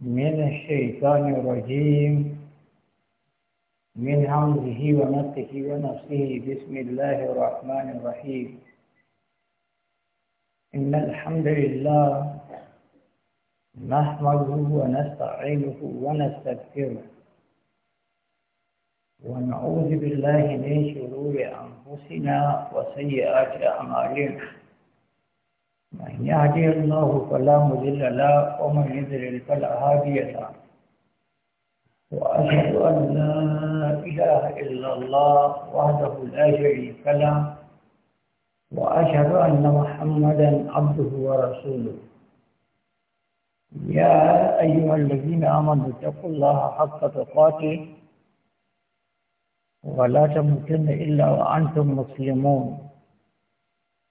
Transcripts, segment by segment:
من الشيطان الرجيم من همزه ونفخه ونفسه بسم الله الرحمن الرحيم إن الحمد لله نحمده ونستعينه ونستغفره ونعوذ بالله من شرور أنفسنا وسيئات أعمالنا من يهدي الله فلا مذل له ومن يذلل فلا هادي له وأشهد أن لا إله إلا الله وحده لا شريك له وأشهد أن محمدا عبده ورسوله يا أيها الذين آمنوا اتقوا الله حق تقاته ولا تموتن إلا وأنتم مسلمون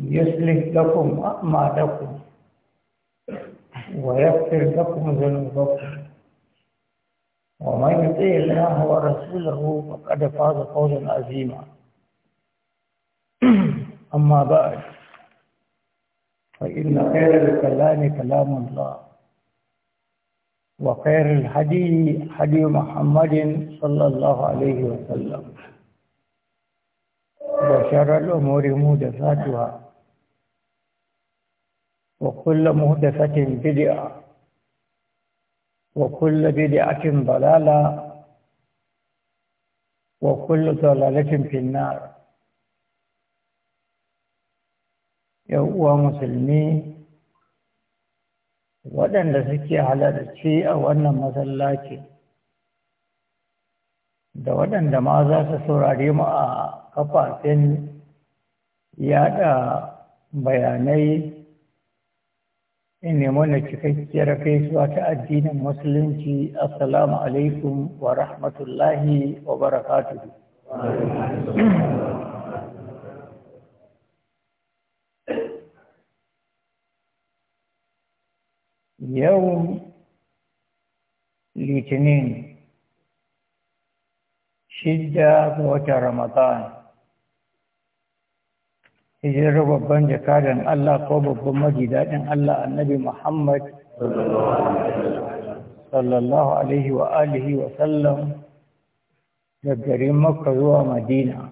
يصلح لكم أعمالكم ويغفر لكم ذنوبكم ومن يطيع الله ورسوله فقد فاز فوزا عظيما أما بعد فإن خير الكلام كلام الله وخير الهدي هدي محمد صلى الله عليه وسلم وشر الأمور مودثاتها وكل مهدفة بدعة وكل بدعة ضلالة وكل ضلالة في النار يوم مسلمي waɗanda suke halarci a wannan masallaci da waɗanda ma za su saurari mu a kafafen yaɗa bayanai in nemi wannan cikakkiyar gaisuwa ta addinin musulunci assalamu alaikum wa rahmatullahi wa barakatu. yau litinin shidda ga watan ramadan hijirar babban jakadan Allah ko babban majidadin Allah annabi Muhammad sallallahu alaihi wa alihi wa sallam da garin Makka zuwa Madina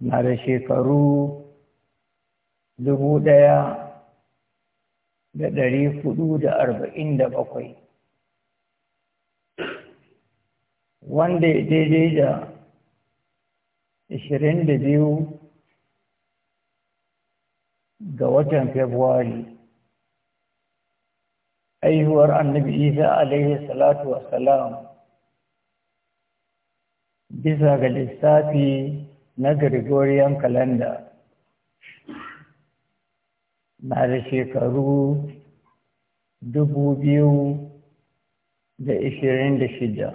na da shekaru dubu ɗaya da ɗari hudu da arba'in da bakwai wanda ya daidai da ashirin da biyu ga watan Februari. Aihuwar annabi Isa alaihi salatu salam bisa ga lissafi na Gregorian calendar na da shekaru dubu biyu da ishirin da shida.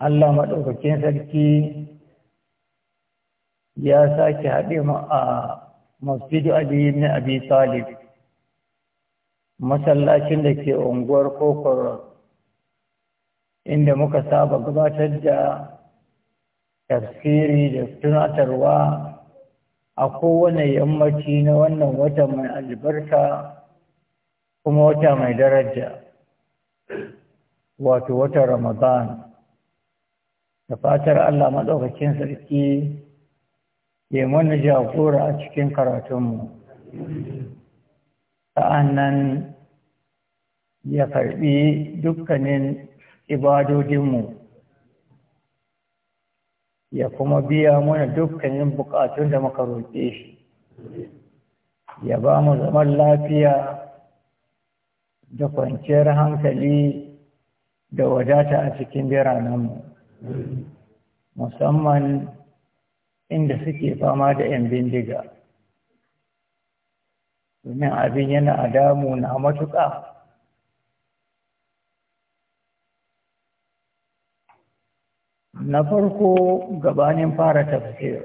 Allah maɗaukakin sarki ya sake haɗe mu a masjidu abi ibn abi talib masallacin da ke unguwar kokoro inda muka saba gabatar da tafsiri da tunatarwa a kowane yammaci na wannan wata mai albarka kuma wata mai daraja wato wata ramadan da fatar allah maɗaukakin sarki ya mana jagora a cikin karatunmu sa'annan ya karɓi dukkanin ibadodinmu ya kuma biya mana dukkanin bukatun da muka roƙe shi ya ba mu zaman lafiya da kwanciyar hankali da wadata a cikin biranenmu musamman inda suke fama da 'yan bindiga domin abin yana damu na matuƙa na farko gabanin fara tafsir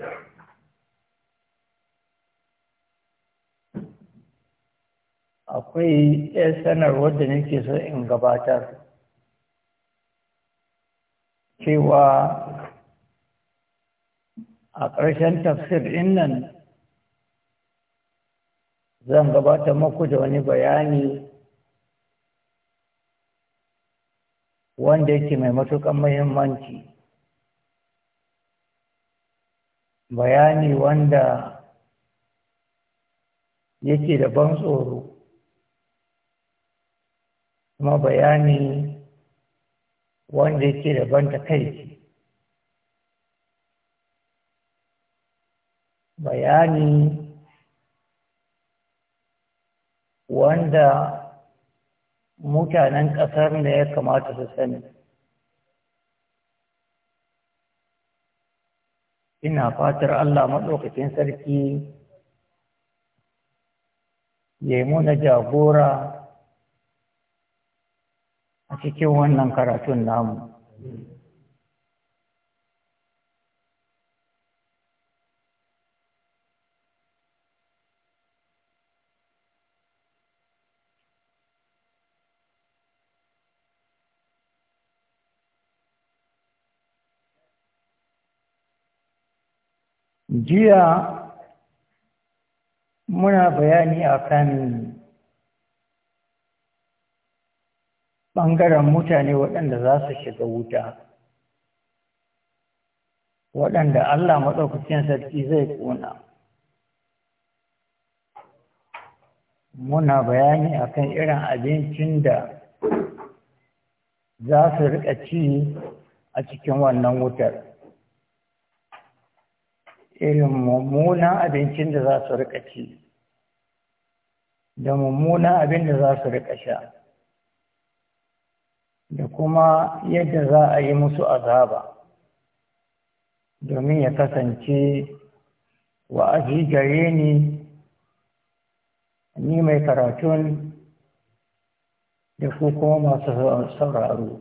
akwai 'yan sanarwar da nake so in gabatar cewa a ƙarshen tafsir ɗin zan gabata muku da wani bayani wanda yake mai matuƙar muhimmanci bayani wanda yake da ban tsoro kuma bayani wanda yake da ban takaici bayani wanda mutanen ƙasar da ya kamata su sani ina fatar Allah maɗaukakin sarki ya yi muna jagora a cikin wannan karatun namu. jiya muna bayani a kan ɓangaren mutane waɗanda za su shiga wuta waɗanda Allah maɗaukacin sarki zai ƙona muna bayani a kan irin abincin da za su riƙa ci a cikin wannan wutar irin mummunan abincin da za su rika ci da mummunan abin da za su rika sha da kuma yadda za a yi musu azaba domin ya kasance wa'azi gare ni ni mai karatun da kuma masu sauraro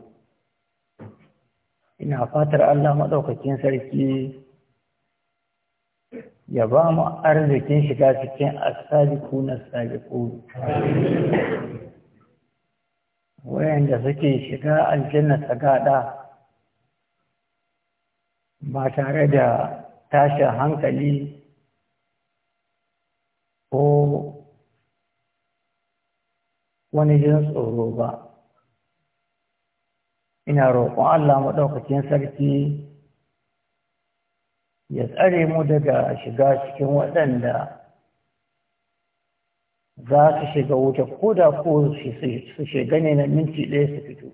ina fatar Allah maɗaukakin sarki ya ba mu arzikin shiga cikin asabiku na sabiku wayanda suke shiga aljanna gada ba tare da tashin hankali ko wani jin tsoro ba ina roƙon Allah maɗaukakin sarki ya tsare mu daga shiga cikin waɗanda za su shiga wuta ko da ko su shiga ne na minti ɗaya su fito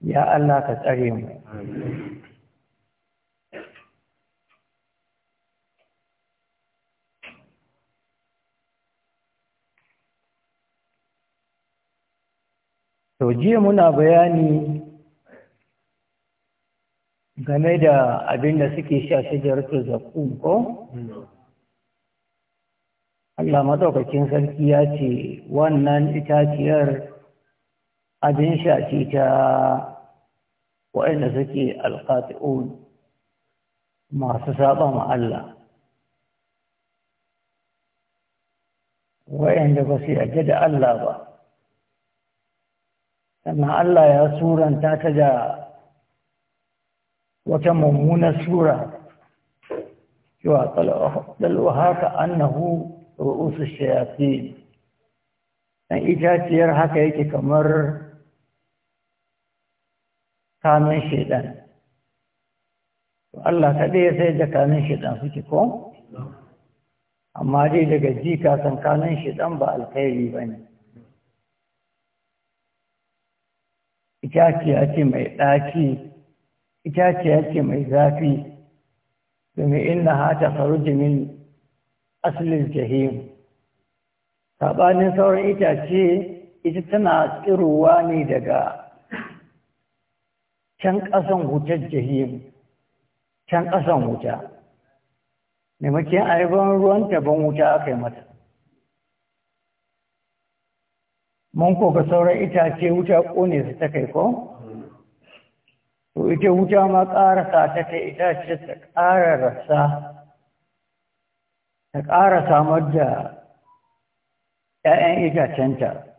ya Allah ka tsare mu sau jiya muna bayani game da abin da suke sha shajaratul zakum ko Allah matsaukakin sarki ya ce wannan itaciyar abin sha ce ta waɗanda suke alƙati'un masu saba ma Allah waɗanda ba su yarda da Allah ba sannan Allah ya suranta ta da wata mummunar sura cewa ɗalwa haka annahu ru'usu shayafi ɗan itaciyar haka yake kamar kanin shaidan Allah kaɗai ya sai da kanin shaidan suke ko? amma dai daga ji kasan kanin shaidan ba alkhairi ba ne itaciya ce mai ɗaci itace yake mai zafi domin inna hata faruji min asalin jahim saɓanin sauran itace ita tana tsirowa ne daga can ƙasan wutar jahim can ƙasan wuta maimakon ayyukan ruwan taban wuta aka yi mata mun koga sauran itace wuta ƙone su ta kai ko وإذا وجامة قارسة تتأتى تتقاررسة تقاررسة مجا تأين إجا تنتا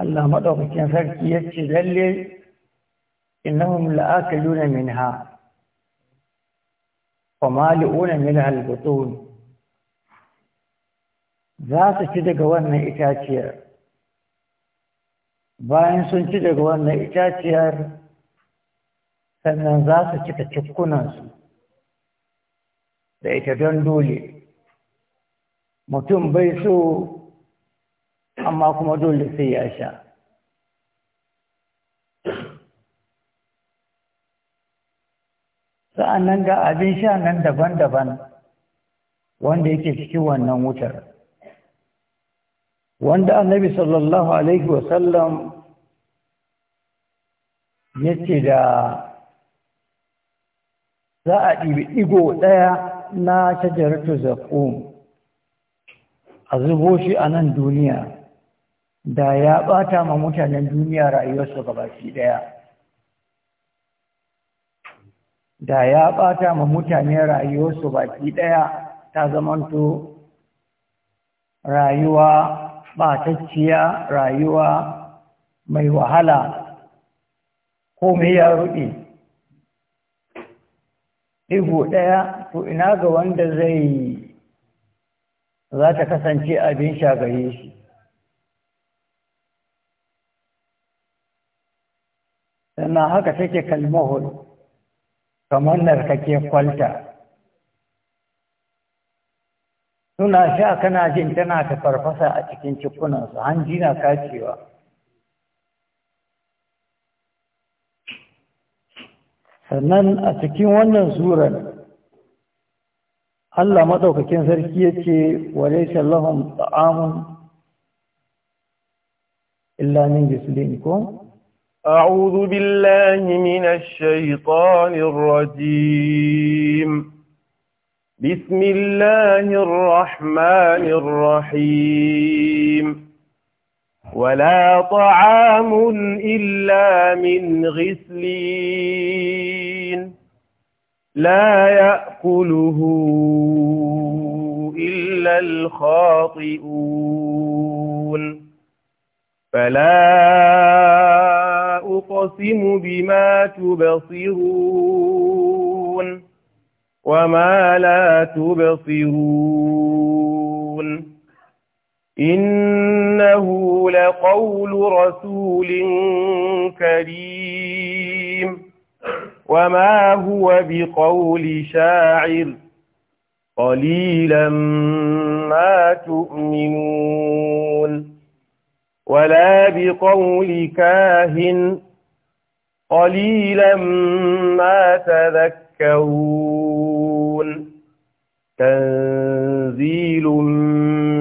الله مدوك تنفرك يتذلل إنهم لآكلون منها ومالئون منها البطون ذات تدقوان إتاتير bayan sun ci daga wannan itaciyar sannan za su cika cikunansu da ita don dole mutum bai so amma kuma dole sai ya sha sa'annan ga abin sha nan daban-daban wanda yake cikin wannan wutar wanda annabi sallallahu alaihi wasallam ya ce da za a ɗibi ɗigo ɗaya na shajaratu zaƙum a zubo shi a nan duniya da ya ɓata ma mutanen duniya rayuwarsu gabaki ɗaya da ya ɓata ma mutane rayuwarsu baki ɗaya ta zamanto rayuwa ɓatacciya rayuwa mai wahala komai ya ruɗe ɗigo ɗaya to ina ga wanda zai za ta kasance abin shagaye shi sannan haka take kalmahul kamar narkake kwalta suna sha kana jin tana ta farfasa a cikin cikunansu hanji na kacewa sannan a cikin wannan surar Allah maɗaukakin sarki ya ce wale lahum ta'amun illa min gisulin ko? أعوذ بالله من الشيطان الرجيم بسم الله الرحمن الرحيم ولا طعام إلا من غسلين لا يأكله إلا الخاطئون فلا أقسم بما تبصرون وما لا تبصرون إنه لقول رسول كريم وما هو بقول شاعر قليلا ما تؤمنون ولا بقول كاهن قليلا ما تذكرون تنزيل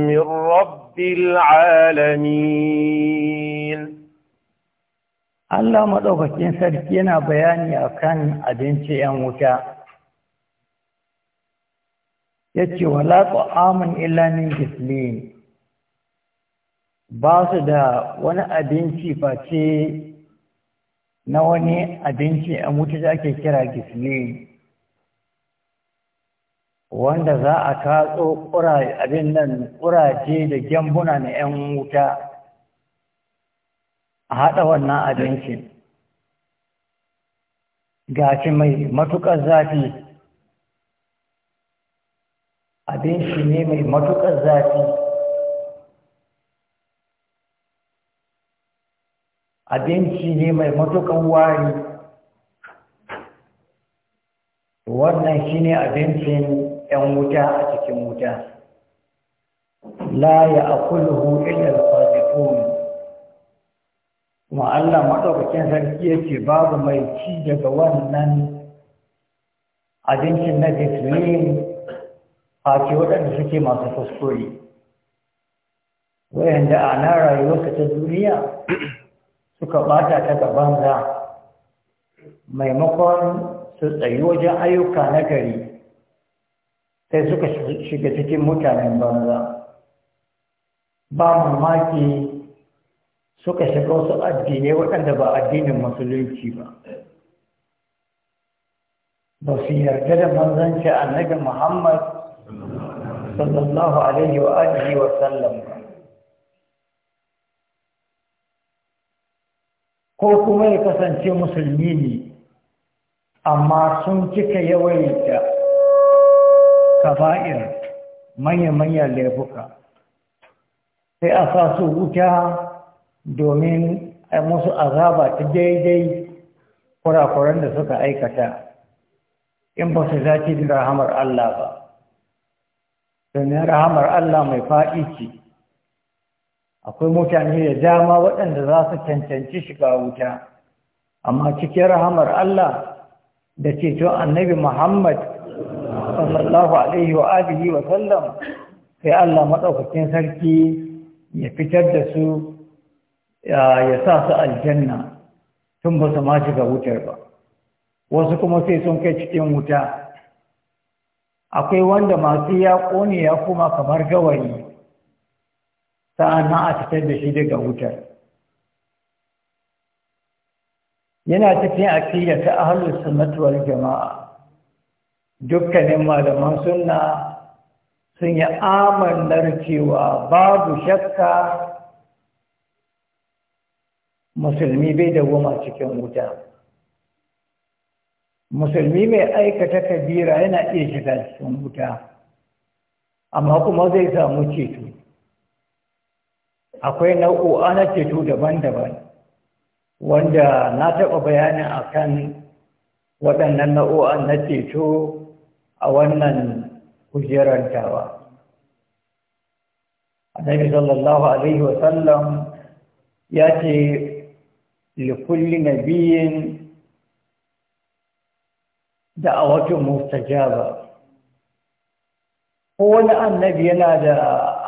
من رب العالمين Allah maɗaukakin sarki yana bayani akan abinci ‘yan wuta, ya ce, Wala illa ilanin gislin, ba su da wani abinci face na wani abinci ‘yan wuta da ake kira gislin, wanda za a katso abin nan ƙuraje da gyambuna na ‘yan wuta. a haɗa wannan abinci shi mai matuƙar zafi abinci ne mai matuƙar zafi abinci ne mai matuƙar wari wannan shi ne abincin 'yan wuta a cikin wuta la ya akulhu ilal fasifun kuma Allah maɗaukakin sarki yake babu mai ci daga wannan abincin na Bethlehem face waɗanda suke masu kuskure wayanda a na rayuwarsa ta duniya suka ɓata ta gaban za maimakon su tsayi wajen ayyuka na gari sai suka shiga cikin mutanen banza ba mamaki suka shiga wasu addinai waɗanda ba addinin musulunci ba ba su yarda da manzanci annabi muhammad sallallahu alaihi wa alihi wa sallam ba ko kuma ya kasance musulmi ne amma sun cika yawaita kaba'ir manya-manyan laifuka sai a sa su wuta domin a musu azaba ta daidai kurakuran da suka aikata in ba su zaci da rahamar Allah ba domin rahamar Allah mai faɗi ce akwai mutane da dama waɗanda za su cancanci shiga wuta amma cikin rahamar Allah da ceto annabi Muhammad sallallahu alaihi wa alihi wa sallam sai Allah maɗaukakin sarki ya fitar da su ya sa su aljanna tun ba su ma shiga wutar ba wasu kuma sai sun kai cikin wuta akwai wanda masu ya ƙone ya kuma kamar gawayi sa'an a fitar da shi daga wutar yana cikin aƙida ta ahalus sunnati jama'a dukkanin malaman sunna sun yi amannar cewa babu shakka musulmi bai da dawoma cikin wuta musulmi mai aikata kabira yana iya shiga cikin wuta amma kuma zai samu ceto akwai nau'o'a na ceto daban-daban wanda na taɓa bayanin kan waɗannan nau'o'an na ceto a wannan kujerantawa annabi sallallahu alaihi wasallam ya ce likulli nabiyin da'awatu mustajaba ko wani annabi yana da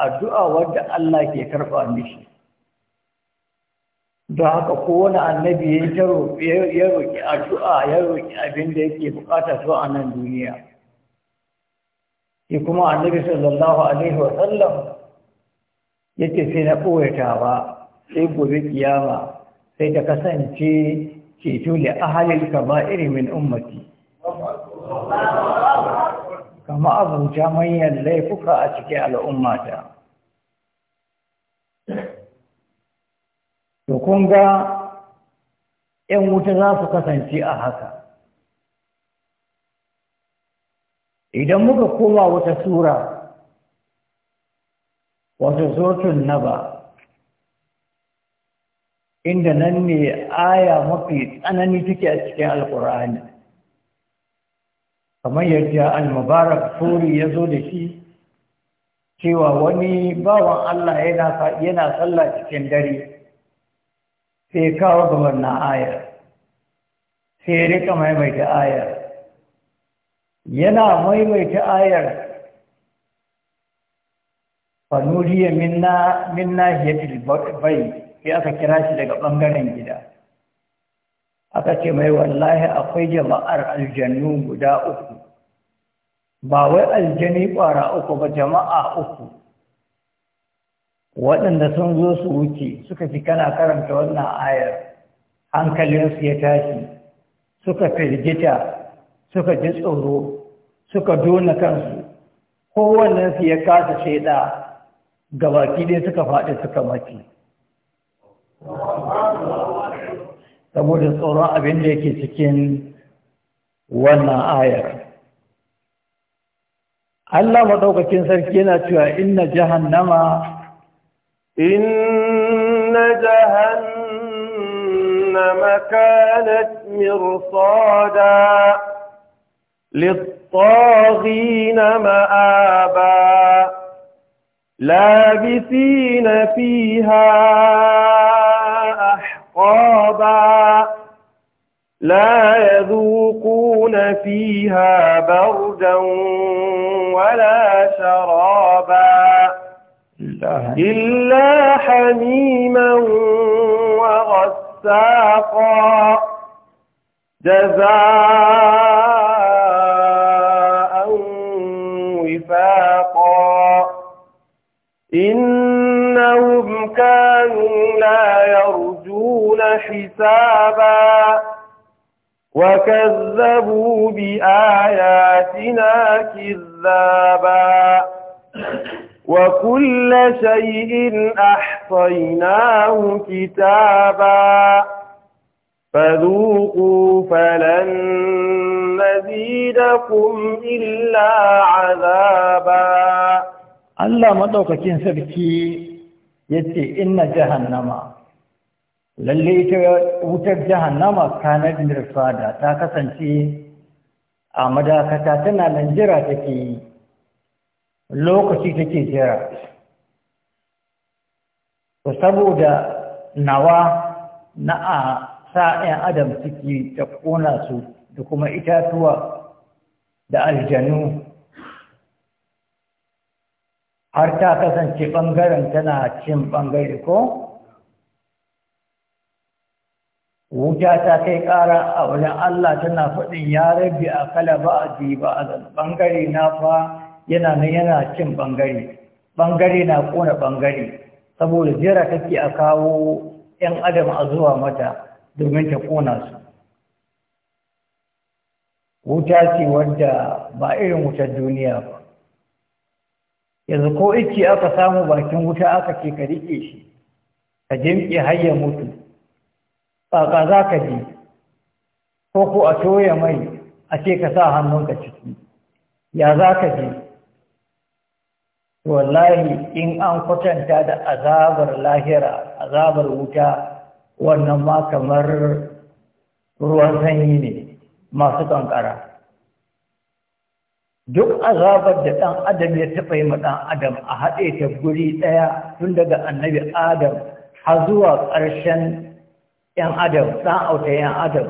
addu'a wanda Allah ke karba mishi don haka kowane annabi ya roƙi addu'a ya roƙi abinda da yake bukata so anan duniya shi kuma annabi sallallahu alaihi wasallam ya ce sai na ɓoyata ba sai gobe ƙiyama. sai ta kasance ceto a halin kama iri min ummati kama abuja manyan laifuka a cikin al'ummata to kun ga 'yan wuta za su kasance a haka idan muka koma wata sura wato na naba inda nan ne aya mafi tsanani take a cikin alkur'ani kamar yadda al-mubarak suri ya zo da shi cewa wani bawan Allah yana sallah cikin dare sai kawo gaban na aya. sai rika maimaita ayar yana maimaita ayar fanuriya minna minna yatil bai sai aka kira shi daga ɓangaren gida aka ce mai wallahi akwai jama'ar aljannu guda uku ba wai aljani ƙwara uku ba jama'a uku waɗanda sun zo su wuce suka fi kana karanta wannan ayar hankalinsu ya tashi suka firgita suka ji tsoro suka dona kansu kowannensu ya kasa shaida gabaki dai suka faɗi suka mace saboda tsoron abin da yake cikin wannan ayar Allah maɗaukakin sarki yana cewa inna jahannama inna jahannama kanat mirsada للطاغين ma'aba لابثين fiha. أعقابا لا يذوقون فيها بردا ولا شرابا إلا حميما وغساقا جزاء وفاقا إنهم كانوا حسابا وكذبوا بآياتنا كذابا وكل شيء أحصيناه كتابا فذوقوا فلن نزيدكم إلا عذابا الله كين سبكي يتي إن جهنم lalle ita wutar jahannama kanar Fada ta kasance a madakata tana nan jira take yi lokaci take jira to saboda nawa na a sa ɗan adam suke ta ƙona su da kuma itatuwa da aljanu har ta kasance ɓangaren tana cin ɓangare ko wuta ta kai ƙara a wajen Allah tana faɗin ya rabbi a kala ba a ji ba a ɓangare na fa yana nan yana cin ɓangare ɓangare na ƙona ɓangare saboda jira take a kawo 'yan adam a zuwa mata domin ta ƙona su wuta ce wadda ba irin wutar duniya ba yanzu ko ice aka samu bakin wuta aka ce ka riƙe shi ka jimƙe har ya mutu ƙaƙa za ka ji ko ko a toya mai a ce ka sa hannunka ciki ya za ka ji wallahi in an kwatanta da azabar lahira azabar wuta wannan ma kamar ruwan sanyi ne masu ƙanƙara. duk azabar da ɗan adam ya taɓa yi ma ɗan adam a haɗe ta guri ɗaya tun daga annabi adam har zuwa ƙarshen ‘yan adam ɗan auta ‘yan adam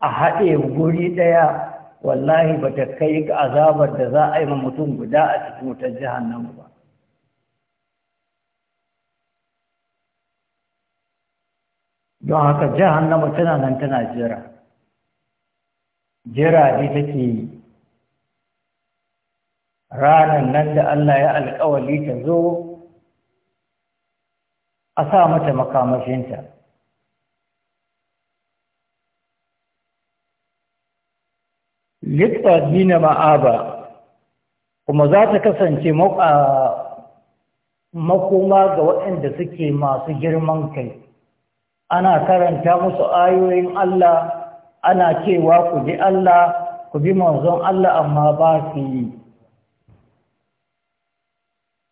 a haɗe guri ɗaya wallahi ba ta kai ga azabar da za a yi mutum guda a cikin wutar jihannan ba don haka jihannama tana nan tana jira jira ne take yi ranar nan da Allah ya alƙawali ta zo a sa mata makamashinta dina ma'aba kuma za ta kasance makoma ga waɗanda suke masu girman kai ana karanta musu ayoyin Allah ana cewa ku bi Allah ku bi manzon Allah amma ba su yi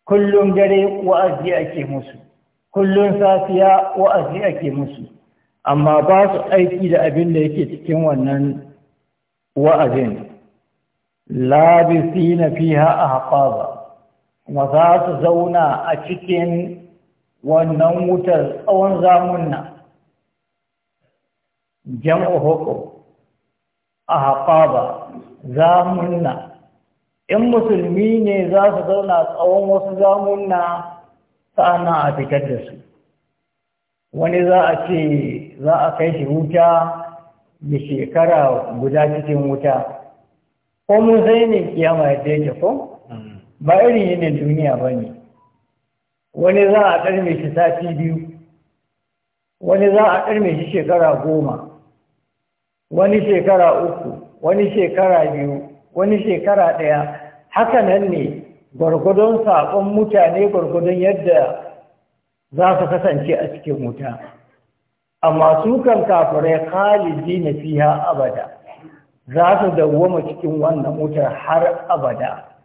kullum dare wa'azi ake musu kullum safiya wa'azi ake musu amma ba su aiki da abin da yake cikin wannan wa'azin labisi na fiha a ba kuma za su zauna a cikin wannan wutar tsawon zamunna jam'u hukum a haƙaza zamunna in musulmi ne za su zauna tsawon wasu zamunna sa'ana a fitar da su wani za a ce za a kai shi wuta da shekara guda cikin wuta ko mun sai ne kiyama yadda yake ko ba irin yin duniya ba ne wani za a ƙarme shi sati biyu wani za a ƙarme shi shekara goma wani shekara uku wani shekara biyu wani shekara ɗaya haka nan ne gwargwadon saƙon mutane gwargwadon yadda za su kasance a cikin wuta amma su kan kafirai khalidi na fiha abada za su dawwama cikin wannan wutar har abada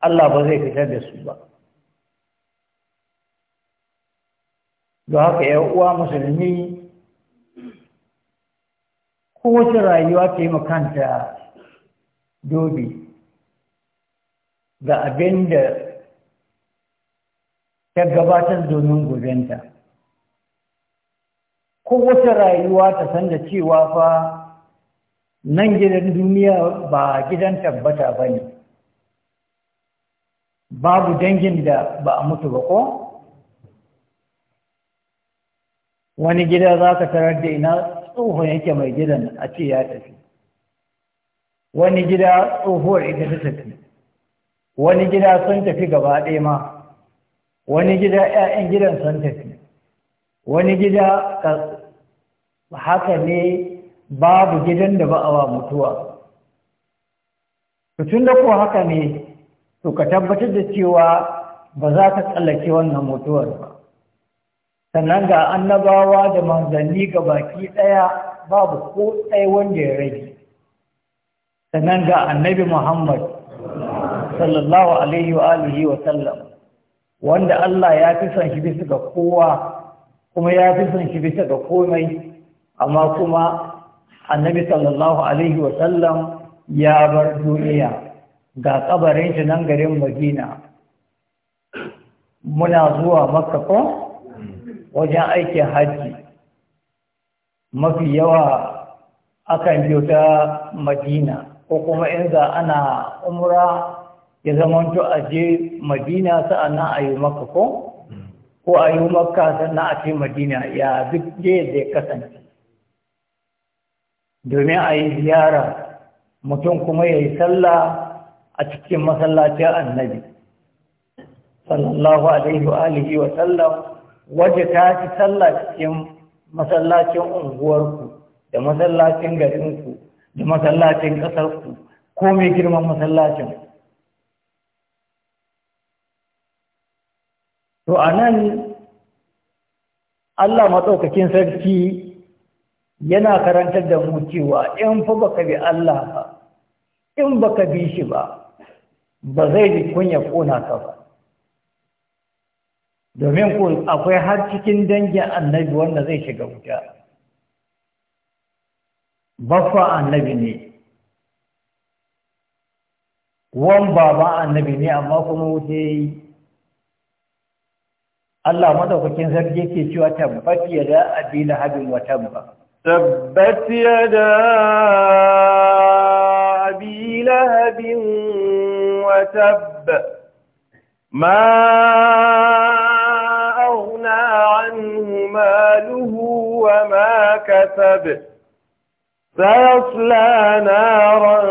Allah ba zai fitar da su ba da haka ya uwa musulmi kowace rayuwa ta yi makanta dobi ga abin da ta gabatar domin gubenta kowace rayuwa ta san da cewa fa nan gidan duniya ba gidan tabbata ba ne babu dangin da ba a mutu ba ko wani gida za ka tarar da ina tsohon yake mai gidan a ce ya tafi wani gida tsohuwar ita ta tafi wani gida sun tafi gaba ɗaya ma wani gida 'ya'yan gidan sun tafi wani gida haka ne babu gidan da ba a wa mutuwa tun da ko haka ne to ka tabbatar da cewa ba za ka tsallake wannan mutuwar ba sannan ga annabawa da manzanni ga baki ɗaya babu ko ɗaya wanda ya rage sannan ga annabi muhammad sallallahu alaihi wa alihi wa sallam wanda Allah ya fi son shi bisa ga kowa kuma ya fi son shi bisa ga komai amma kuma annabi sallallahu alaihi wasallam ya bar duniya ga kabarin shi nan garin madina muna zuwa makka ko wajen aikin hajji mafi yawa akan biyo ta madina ko kuma in za ana umra ya zamanto a je madina sa'annan a yi makka ko ko a yi makka sannan a ce madina ya duk je da kasance domin a yi ziyara mutum kuma ya yi sallah a cikin masallacin annabi sallallahu alaihi wa alihi wa sallam waje ta ci sallah cikin masallacin unguwarku da masallacin garinku da masallacin ƙasarku ko mai girman masallacin to a nan Allah matsaukakin sarki yana karantar da mu cewa in fa baka bi Allah ba in baka bi shi ba ba zai ji kunya kona ka ba domin ko akwai har cikin dangin annabi wanda zai shiga wuta baffa annabi ne wan baba annabi ne amma kuma wuta yi Allah madaukakin sarki yake cewa tabbati ya da abila lahabin wa tabba تبت يدا أبي لهب وتب ما أغنى عنه ماله وما كسب سيصلى نارا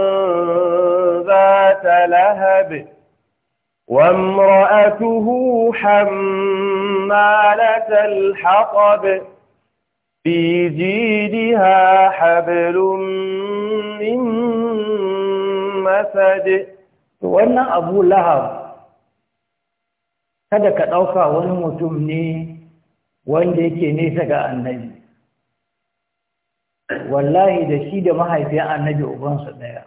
ذات لهب وامرأته حمالة الحطب في جيدها حبل من مسد wannan abu lahab kada ka ɗauka wani mutum ne wanda yake nesa ga annabi wallahi da shi da mahaifiyar annabi ubansa ɗaya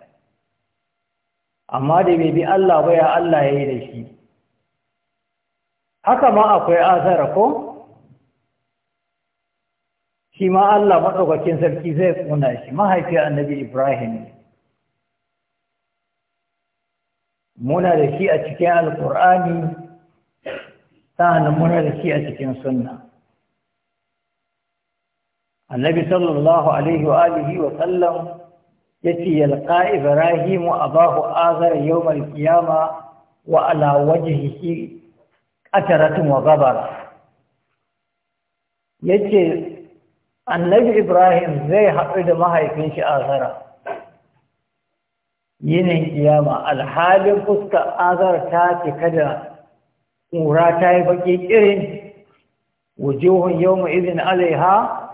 amma da bai bi Allah ba ya Allah yayi da shi haka ma akwai azara ko shi ma Allah maɗaukakin sarki zai ƙuna shi mahaifiyar annabi Ibrahim muna da shi a cikin alƙur'ani sa'annan muna da shi a cikin sunna annabi sallallahu alaihi wa alihi wa sallam ya yace yalqa ibrahimu abahu azar yawm al-qiyama wa ala shi qataratun wa ghabara yace annabi ibrahim zai haɗu da mahaifin shi azara yinin kiyama alhalin fuskar azar ta cika da ƙura ta yi baƙi irin wujuhun yau mu izin alaiha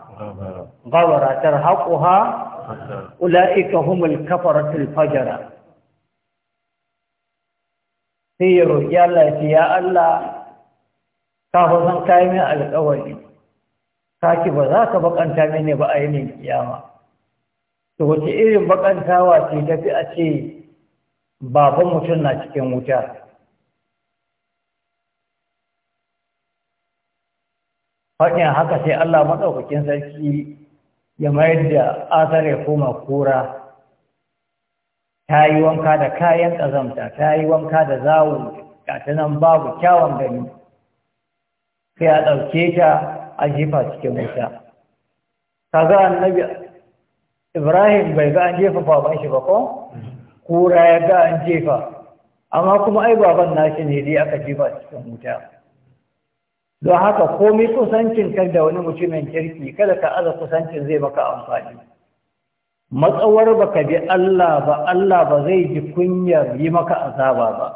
gabaratar haƙuha ula'ika humul kafaratul fajara sai ya roƙi Allah ya Allah kafin san kayan alƙawari kaki ba za ka bakanta mene ba a min kiyama to wace irin bakantawa ce fi a ce baban mutum na cikin wuta faɗin haka sai Allah maɗaukakin sarki ya mayar da asar ya koma kura ta yi wanka da kayan ƙazamta ta yi wanka da zawo gata nan babu kyawun gani sai a ɗauke ta a jefa cikin wuta kaga annabi ibrahim bai ga an jefa baban shi ba ko kura ya ga an jefa amma kuma ai baban nashi ne dai aka jefa cikin wuta don haka komai kusancin kan da wani mutumin kirki kada ka aza kusancin zai maka amfani matsawar baka bi Allah ba Allah ba zai ji kunyar yi maka azaba ba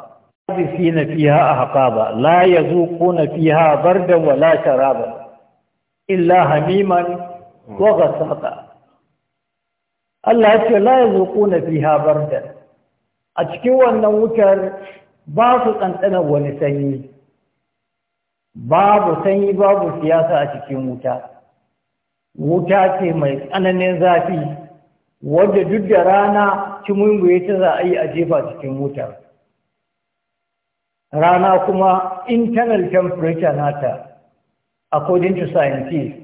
bi fi na fiha a haƙa ba la ya zo ko na fiha da wala sharaba illa hamiman wa ghassaqa Allah ya ce la yazuquna fiha bardan a cikin wannan wutar ba su tsantsanar wani sanyi babu sanyi babu siyasa a cikin wuta wuta ce mai tsananin zafi wadda duk da rana cimunguye ta za a yi a jefa cikin wutar rana kuma internal temperature nata according to scientists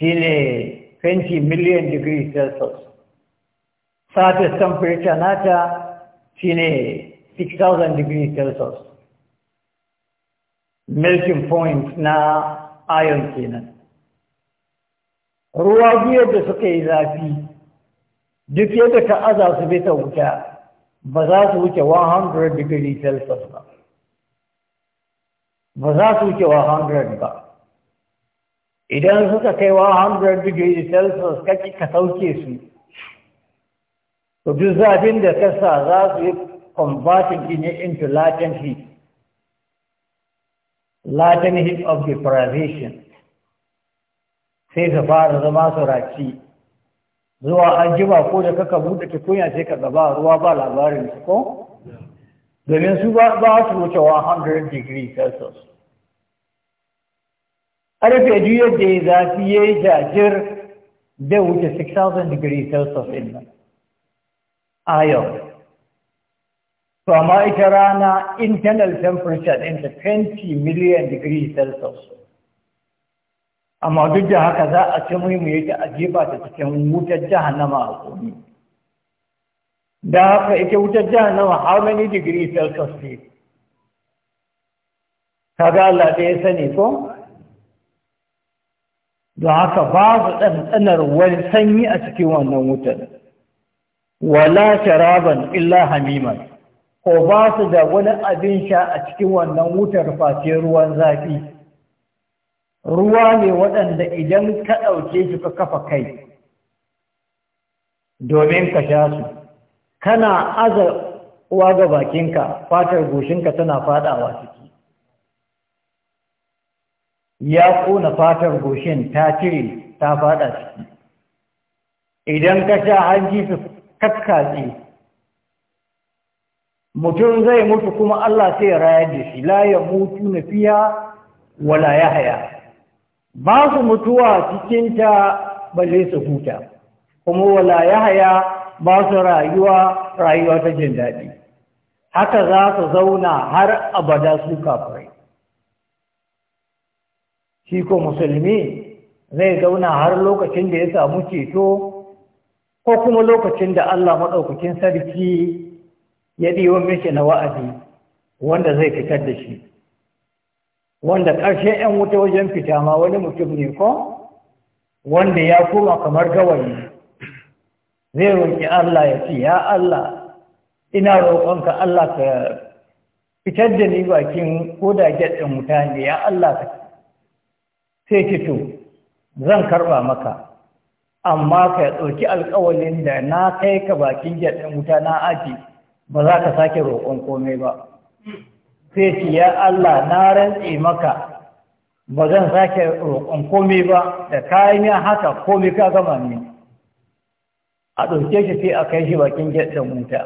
shine 20 million degrees celsius surface temperature nata shine 6000 degrees celsius melting point na iron kenan ruwa biyar da suka yi zafi duk yadda ka aza su bisa wuta ba za su wuce 100 degrees celsius ba ba za su wuce 100 ba idan suka kai 100 degree celsius kaki ka sauke su to duk zafin da ka sa za su yi combating in into latent heat latent heat of deprivation sai ka fara zama su zuwa an jima ko da kaka buɗe kunya sai ka gaba ruwa ba labarin ko domin su ba su wuce 100 degrees celsius ƙarfe duk yadda ya zafi ya yi jajir zai wuce 6000 degrees celsius in nan a yau to amma ita rana internal temperature ɗinta 20 million degree celsius amma duk da haka za a ce muhimmi yake a jefa ta cikin wutar jahannama a komi da haka ita wutar jahannama how many degree celsius ne kaga Allah ya sani ko Da haka ba su ɗanɗanar wani sanyi a cikin wannan wutar wala sharaban illa Hamima. ko ba su da wani abin sha a cikin wannan wutar face ruwan zafi ruwa ne waɗanda idan ka ɗauke shi ka kafa kai domin ka sha su kana aza uwa ga bakinka fatar goshinka tana fadawa ciki ya kona fatar goshin ta cire ta fada ciki idan ka sha hanji su kakkatse mutum zai mutu kuma Allah sai ya da shi la ya mutu na fiya wala ya haya ba su mutuwa cikinta balle su huta kuma wala ya haya ba su rayuwa rayuwa ta jin daɗi haka za su zauna har abada su kafirai shi ko musulmi zai zauna har lokacin da ya samu ceto ko kuma lokacin da Allah maɗaukakin sarki ya ɗiwa mishi na wa'azi wanda zai fitar da shi wanda ƙarshen ‘yan wuta wajen fita ma wani mutum ne ko wanda ya koma kamar gawayi zai roƙi Allah ya ce ya Allah ina roƙonka Allah ka fitar da ni bakin koda gyaɗin mutane ya Allah ka sai fito, zan karɓa maka amma ka ɗauki alƙawalin da na kai ka bakin gyaɗin wuta na aji ba za ka sake roƙon komai ba sai ce ya Allah na rantse maka ba zan sake roƙon komai ba da kayan haka komai ka gama ne a ɗauke shi sai a kai shi bakin gyaɗin wuta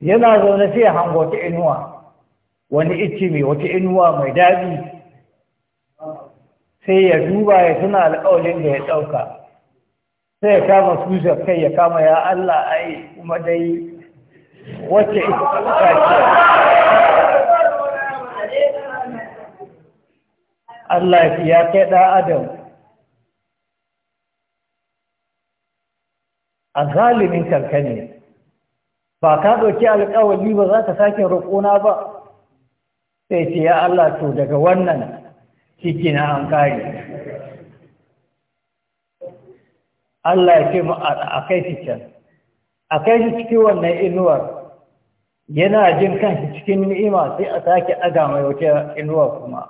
yana zaune sai ya hango wata inuwa wani icce mai wata inuwa mai daɗi sai ya duba ya tuna alƙawarin da ya ɗauka sai ya kama sujar kai ya kama ya Allah ai kuma dai wacce ita Allah ya kai ɗan adam a karkane ne ba ka ɗauki alƙawali ba za ka sake roƙona ba sai ce ya Allah to daga wannan ciki na an kare Allah ya ce a kai shi can a kai shi cikin wannan inuwar yana jin kanshi cikin ni'ima sai a sake aga mai wuce inuwar kuma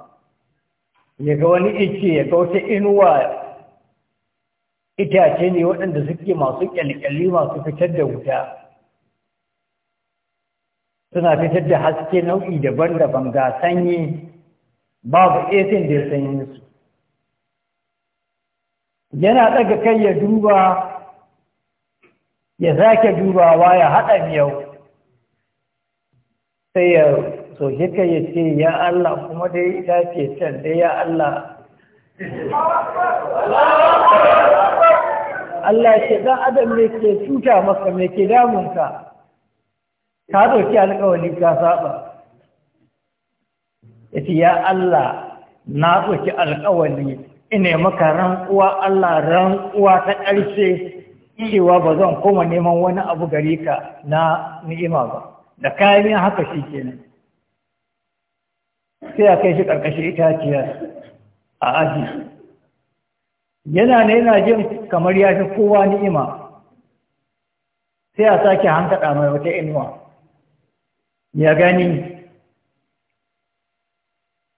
ya ga wani ice ya ga wata inuwa itace ne waɗanda suke masu kyalkyali masu fitar da wuta suna fitar da haske nau'i daban-daban ga sanyi babu esin da ya sanyi su yana ɗaga kai ya duba ya sake dubawa ya haɗa yau. sai ya soke kai ya ce ya Allah kuma dai itace can dai ya Allah Allah ya ce dan adam ne ke cuta maka me ke damunka ka dauki alƙawari ka saba yace ya Allah na dauki alƙawari ina maka rantsuwa Allah uwa ta ƙarshe cewa ba zan koma neman wani abu gare ka na ni'ima ba da kayan haka shi kenan sai a kai shi ƙarƙashin itaciyar a aji yana ne yana jin kamar ya fi kowa ni'ima sai a sake hankada mai wata inuwa ya gani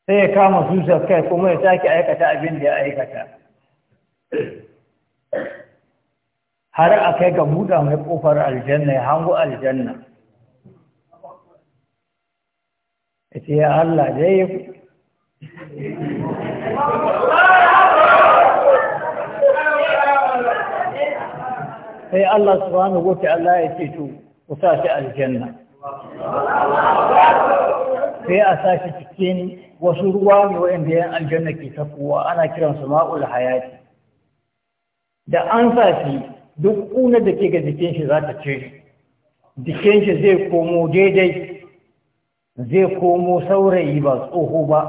sai ya kama susar kai kuma ya sake aikata abin da ya aikata har a kai ga buɗa mai ƙofar aljanna ya hango aljanna ya ce ya Allah dai sai Allah subhanahu wa ta'ala ya ce to ku sa aljanna sai a sa shi cikin wasu ruwa ne wanda yan aljanna ke tafowa ana su ma'ul hayati da an sa duk kuna da ke ga jikin shi za ta ce jikin shi zai komo daidai zai komo saurayi ba tsoho ba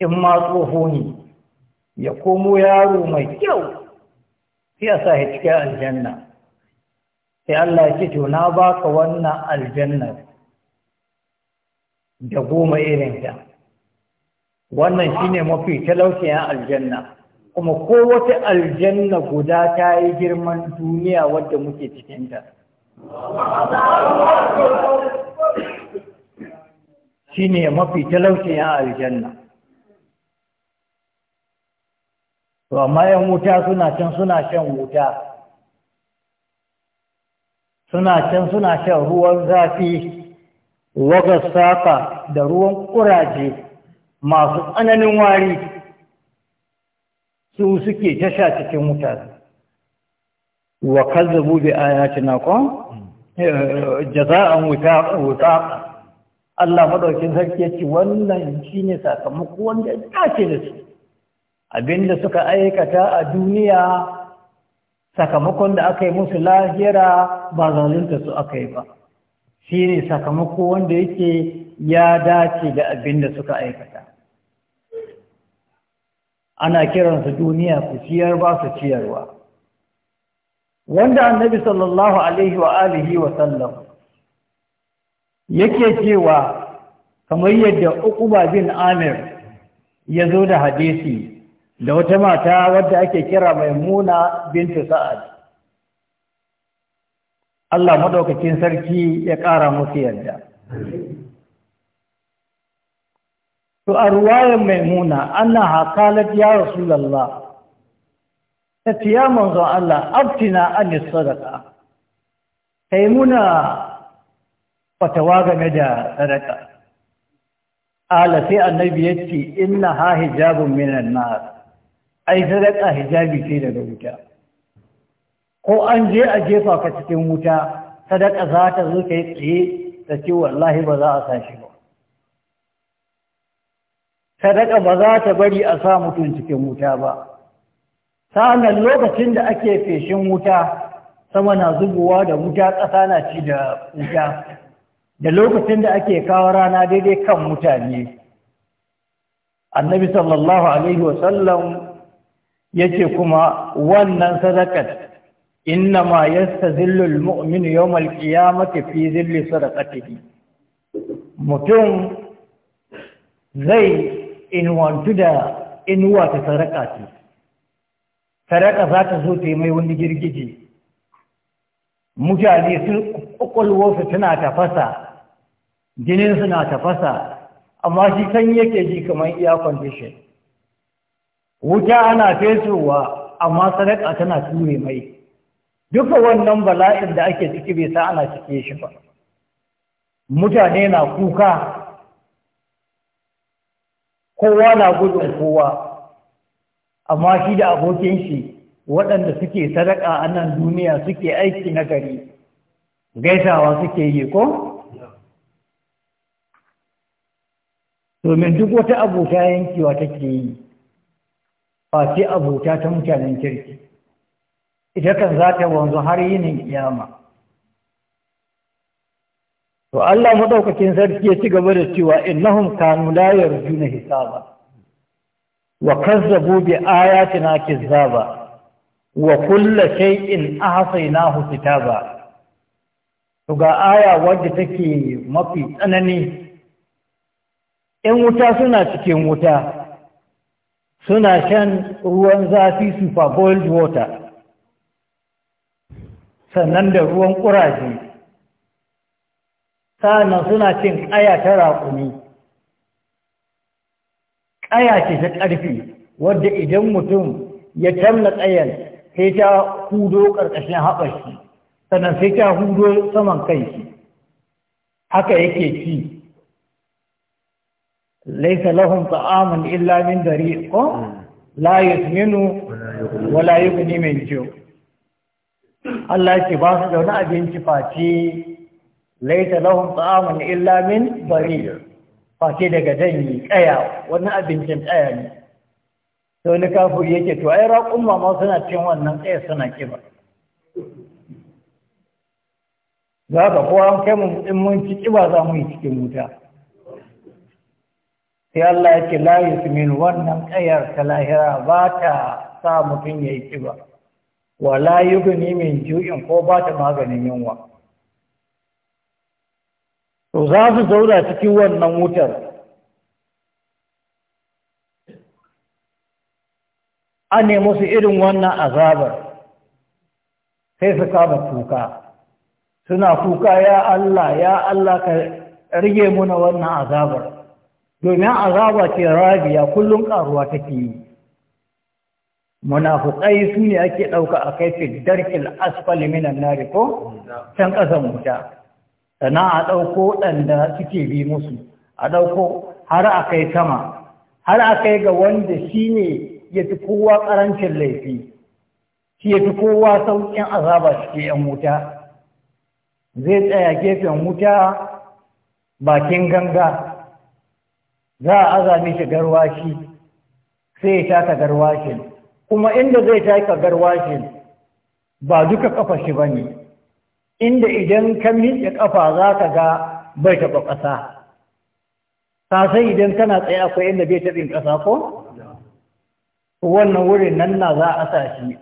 in ma tsoho ne ya komo yaro mai kyau ya sa ya cikin aljanna sai Allah ya ce to na baka wannan aljanna da goma irin ta wannan shine mafi talaucin aljanna kuma ko wata aljanna guda ta yi girman duniya wadda muke cikinta shi ne mafi talaucin aljanna to amma yan wuta suna can suna shan wuta suna can suna shan ruwan zafi wagar safa da ruwan kuraje masu tsananin wari su suke tasha cikin wuta wa kazzabu bi na ko eh, jaza'an wuta wuta Allah madaukin sarki yace wannan shine sakamako wanda ya ce da su abinda suka aikata a duniya sakamakon da aka yi musu lahira ba zalunta su aka yi ba shi ne sakamako wanda yake ya dace da abinda suka aikata ana kiransu duniya ku ciyar ba su ciyarwa wanda annabi sallallahu alaihi wa alihi wa sallam yake cewa kamar yadda uku bin amir ya zo da hadisi da wata mata wadda ake kira maimuna bintu sa'ad Allah madaukakin sarki ya ƙara musu yadda. to a ruwayar maimuna annaha haƙalar ya rasulullah ta ya manzon Allah aftina an ta yi muna fatawa game da sadaka ala sai annabi yace inna ha hijabun minan nar ai sadaka hijabi ce daga wuta ko an je a jefa ka cikin wuta sadaka za ta zo ta yi tsaye ta ce wallahi ba za a sa shi ba sadaka ba za ta bari a sa mutum cikin wuta ba sa'annan lokacin da ake feshin wuta sama na zubowa da wuta ƙasa na ci da wuta da lokacin da ake kawo rana daidai kan mutane annabi sallallahu alaihi wasallam yace kuma wannan sadaqat innama yastazillu almu'minu yawm alqiyamati fi zilli sadaqatihi mutum zai inwantu da inuwa ta sadaka ce sadaka za ta zo ta yi mai wani girgije mutane sun kwakwalwarsu tana tafasa jininsu na tafasa amma shi kan yake ji kamar iya condition wuta ana fesowa amma sadaka tana ture mai duka wannan bala'in da ake ciki bai sa ana cike shi ba mutane na kuka kowa na gudun kowa amma shi da abokin shi waɗanda suke sadaka a nan duniya suke aiki na gari gaisawa suke yi ko? domin duk wata abota yankewa take yi Fafi abota ta mutanen kirki ita kan za ta wanzu har yin kiyama to Allah madaukakin sarki ya ci gaba da cewa innahum kanu la yarjuna hisaba wa kazzabu bi ayatina kizzaba wa kullu shay'in ahsaynahu kitaba to ga aya wadda take mafi tsanani in wuta suna cikin wuta suna shan ruwan zafi super boiled water sannan da ruwan ƙuraje sannan suna cin ƙaya ta raƙumi ƙaya ce ta ƙarfi wadda idan mutum ya tamna ƙayan sai ta hudo ƙarƙashin haɓar sannan sai ta hudo saman kai shi haka yake ci ليس لهم طعام إلا من ذريع لا يسمن ولا يغني من جوع Allah ce ba su da wani abinci face laita lahum ta'amun illa min bari face daga danyi kaya wani abincin kaya ne to ni kafiri yake to ai raƙun ma suna cin wannan kaya suna kiba za ka kowa kai mu in mun ci kiba za mu yi cikin wuta sai Allah yake su min wannan kayar ta lahira ba ta sa mutum ya yi kiba wa la gani min ju'in ko ba ta maganin yunwa to za su zauna cikin wannan wutar an ne musu irin wannan azabar sai su kama kuka suna kuka ya Allah ya Allah ka rige muna wannan azabar domin azaba ce rabiya kullum karuwa take yi munafukai su ne ake ɗauka a kai darkin asfali minan nari ko can ƙasan wuta Sana'a a ɗauko ɗanda suke bi musu a ɗauko har a kai sama har a kai ga wanda shi ne ya fi kowa ƙarancin laifi shi ya fi kowa sauƙin azaba suke yan wuta zai tsaya gefen wuta bakin ganga za a aza mishi garwashi sai ya taka garwashin kuma inda zai taka garwashin ba duka kafa shi ba ne inda idan ka miƙe kafa za ka ga bai taɓa ƙasa sai idan kana tsaye akwai inda bai taɓin ƙasa ko wannan wurin nan na za a sa shi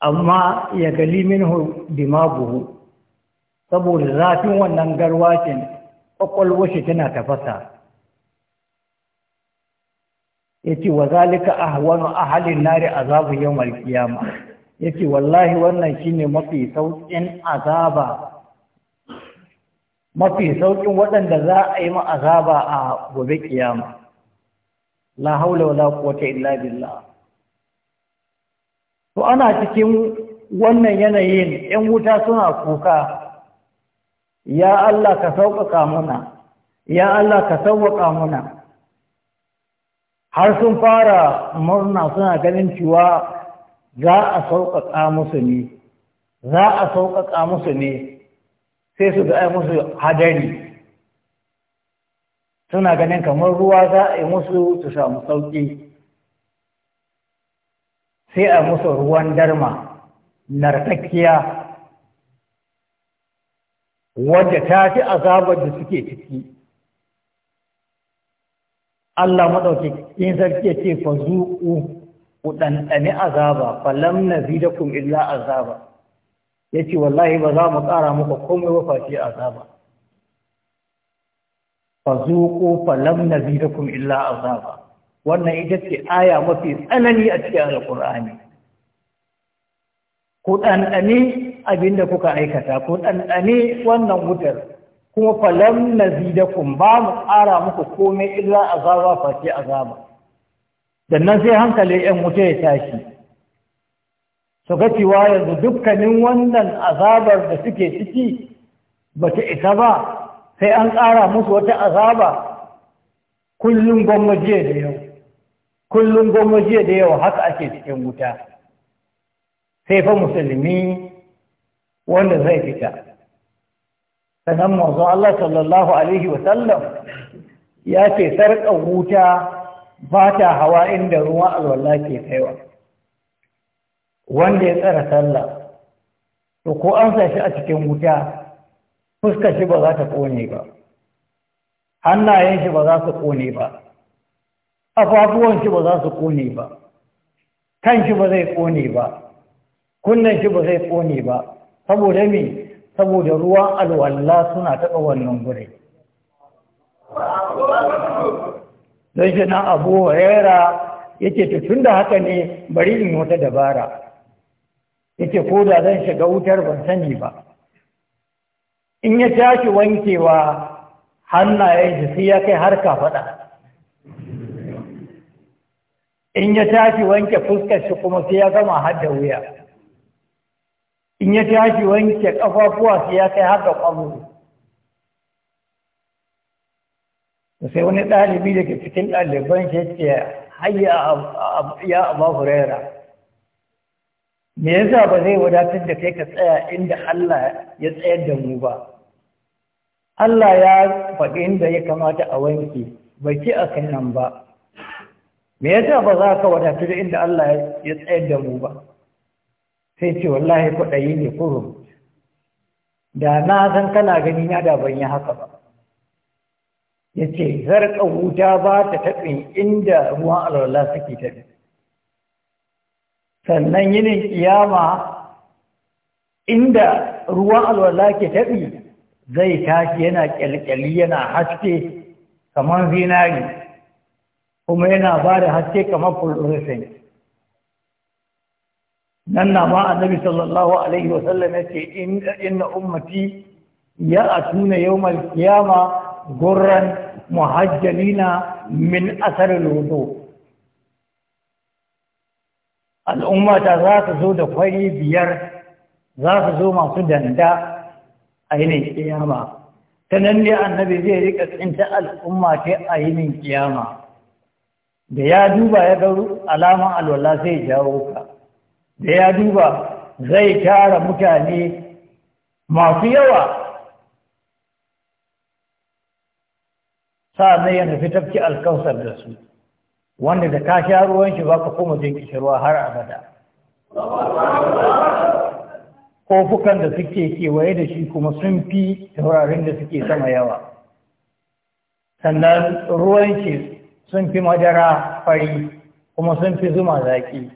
amma ya gali hu dimaguhu saboda zafin wannan garwashin ƙwaƙwalwar shi tana tafasa ya ce wa zalika wani ahalin nari zafi yau malkiyama ya ce wallahi wannan shine mafi sauƙin azaba mafi sauƙin waɗanda za a yi ma azaba a gobe kiyama la haula wala quwwata illa billah to ana cikin wannan yanayin 'yan wuta suna kuka ya Allah ka sauƙaƙa muna ya Allah ka sauƙaƙa muna har sun fara murna suna ganin cewa za a sauƙaƙa musu ne za a sauƙaƙa musu ne sai su ga musu hadari suna ganin kamar ruwa za a yi musu su samu sauƙi sai a musu ruwan darma narkakkiya wadda ta fi azabar da suke ciki Allah maɗaukakin sarki ya ce fa zuƙu ku ɗanɗane azaba fa lam kun illa azaba Ya ce, wallahi ba za mu ƙara muku komai ba face azaba fa zuqu fa lam kun illa azaba wannan ita ce aya mafi tsanani a cikin Alƙur'ani. ku ɗanɗane! abin da kuka aikata ko ɗanɗane wannan wutar kuma falon na kun ba mu ƙara muku komai illa azaba face azaba nan sai hankali ‘yan wuta ya tashi su ga cewa yanzu dukkanin wannan azabar da suke ciki ba ta isa ba sai an ƙara musu wata azaba kullum gwamnati da yau kullum gwamnati da yau haka ake cikin wuta sai fa musulmi wanda zai fita sannan manzo Allah sallallahu alaihi wasallam ya ce sarƙar wuta ba ta hawa inda ruwan alwala ke kaiwa wanda ya tsara sallah to ko an sa shi a cikin wuta fuskar shi ba za ta ƙone ba hannayen shi ba za su ƙone ba afafuwan shi ba za su ƙone ba kan shi ba zai ƙone ba kunnen shi ba zai ƙone ba saboda me saboda ruwan alwalla suna taɓa wannan gure don shi nan abu ya yake tun da haka ne bari in wata dabara Ya ce ko da zan shiga wutar ban sani ba in ya tashi wankewa hannaye shi sai ya kai har faɗa. in ya tashi wanke fuskar shi kuma sai ya gama hadda wuya in ya tashi wanke kafafuwa sai ya kai haka kwallo sai wani ɗalibi da ke cikin ɗaliban shi ce hayya ya abu hurera me yasa ba zai wadatar da kai ka tsaya inda Allah ya tsayar da mu ba Allah ya faɗi inda ya kamata a wanke bai ci a kan nan ba me yasa ba za ka wadatar inda Allah ya tsayar da mu ba sai ce wallahi kwaɗayi ne kurum da na san kana gani na da ban yi haka ba ya ce zarƙa wuta ba ta taɓin inda ruwan alwala suke taɓi sannan yinin kiyama inda ruwan alwala ke taɓi zai tashi yana ƙyalƙyali yana haske kamar zinari kuma yana ba da haske kamar fulɗurusai nan na ma annabi sallallahu alaihi wasallam yace inna ummati ya atuna yawmal qiyama gurran muhajjalina min athar alwudu al'umma ta za ta zo da kwari biyar za ta zo masu danda ainihin kiyama ta nan ne annabi zai rika tsinta al'umma ta ainihin kiyama da ya duba ya ga alama alwala sai jawo ka da ya duba zai tara mutane masu yawa sa'annan ya nufi tafki alkausar da su wanda da ka sha ruwan shi ba ka koma jin kishirwa har abada kofukan da suke kewaye da shi kuma sun fi taurarin da suke sama yawa sannan ruwan shi sun fi madara fari kuma sun fi zuma zaƙi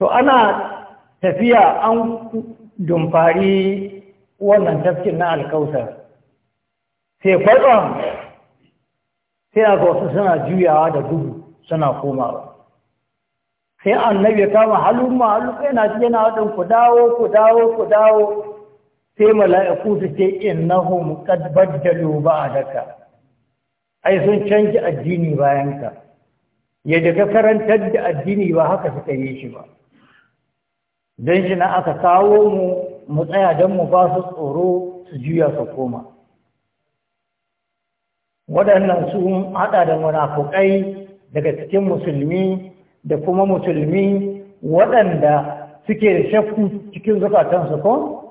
to ana tafiya an dumfari wannan tafkin na alkausar sai kwatsam sai a wasu suna juyawa da gudu suna komawa sai annabi ya kama halumma kai yana cikin haɗin ku dawo ku dawo ku dawo sai mala'iku su ce da qad a daga ai sun canji addini bayan ka yadda ka karantar da addini ba haka suka yi shi ba don shi na aka kawo mu mu tsaya don mu ba su tsoro su juya su koma waɗannan su haɗa da munafukai daga cikin musulmi da kuma musulmi waɗanda suke da shakku cikin su ko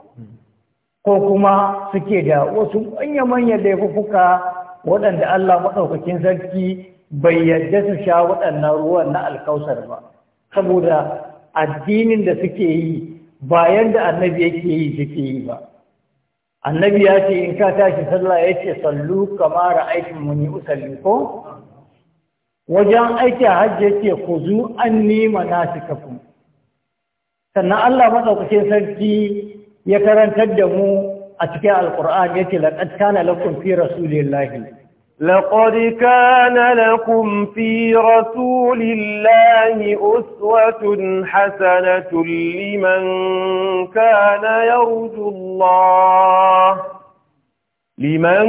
ko kuma suke da wasu manya-manyan laifuka waɗanda Allah maɗaukakin sarki bai yarda su sha waɗannan ruwan na alkausar ba saboda addinin da suke yi ba da annabi yake yi suke yi ba annabi ya ce in ka tashi sallah ya ce sallu kamar aikin muni usalli ko wajen aiki hajji ya ce ku zu an nima na kafin sannan allah maɗaukacin sarki ya karantar da mu a cikin alƙur'an ya ce laƙad lakum fi rasulillahi لقد كان لكم في رسول الله أسوة حسنة لمن كان يرجو الله لمن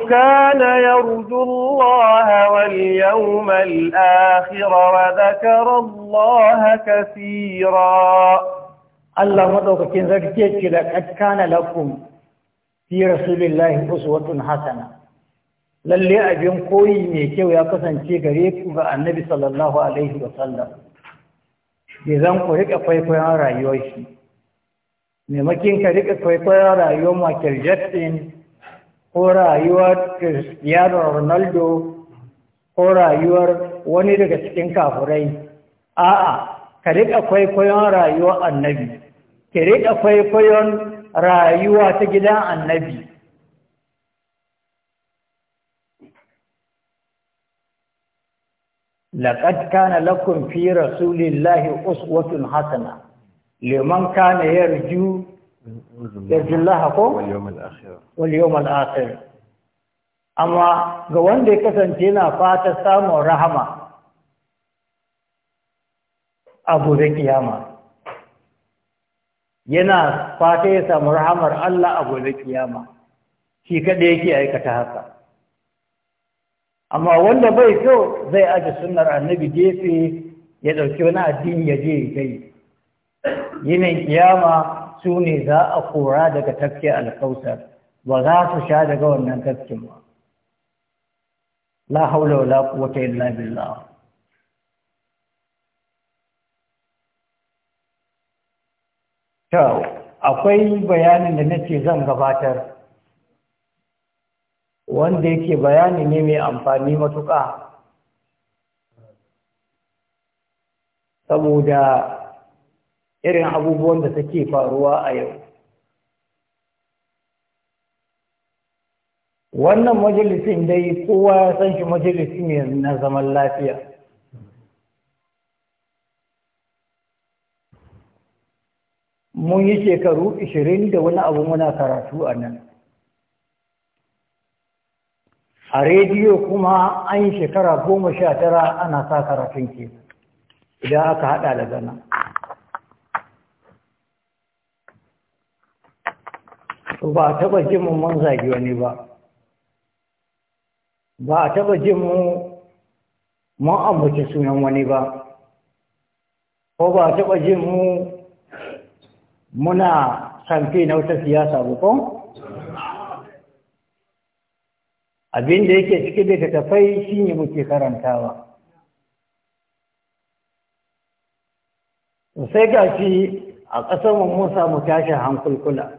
كان يرجو الله واليوم الآخر وذكر الله كثيرا الله مدوك كن ذلك كان لكم في رسول الله أسوة حسنة lalle abin koyi mai kyau ya kasance gare ku ga annabi sallallahu alaihi wa sallam ya zan ku riƙa kwaikwayon rayuwar shi maimakin ka riƙa kwaikwayon rayuwar michael jackson ko rayuwar cristiano ronaldo ko rayuwar wani daga cikin kafurai a'a ka riƙa kwaikwayon rayuwar annabi ka riƙa kwaikwayon rayuwa ta gidan annabi لقد كان لكم في رسول الله أسوة حسنة لمن كان يرجو يرجو الله واليوم الآخر واليوم الآخر أما قوان دي كسن جينا فات السام ورحمة أبو ذي قيامة yana fata ya ورحمة الله أبو a gobe kiyama shi kaɗai أي aikata amma wanda bai kyau zai aji sunnar annabi gefe ya ɗauki wani addini ya je gai yinin kiyama su ne za a kora daga tafke alkausar ba za su sha daga wannan tafkin ba la haula wala quwwata illa billah to akwai bayanin da nake zan gabatar wanda yake bayani ne mai amfani matuƙa saboda irin abubuwan da suke faruwa a yau wannan majalisin dai kowa ya san shi majalisi ne na zaman lafiya mun yi shekaru ishirin da wani abu muna karatu a nan a rediyo kuma an yi shekara goma sha tara ana sa karatun ke idan aka hada da gana ba a taba mu mun zagi wani ba ba a taba mu mun ambaci sunan wani ba ko ba a taba mu muna sanfi na wata siyasa ba abin da yake cike da tattafai shi ne muke karantawa sai ga shi a ƙasar musa mu tashi hankulkula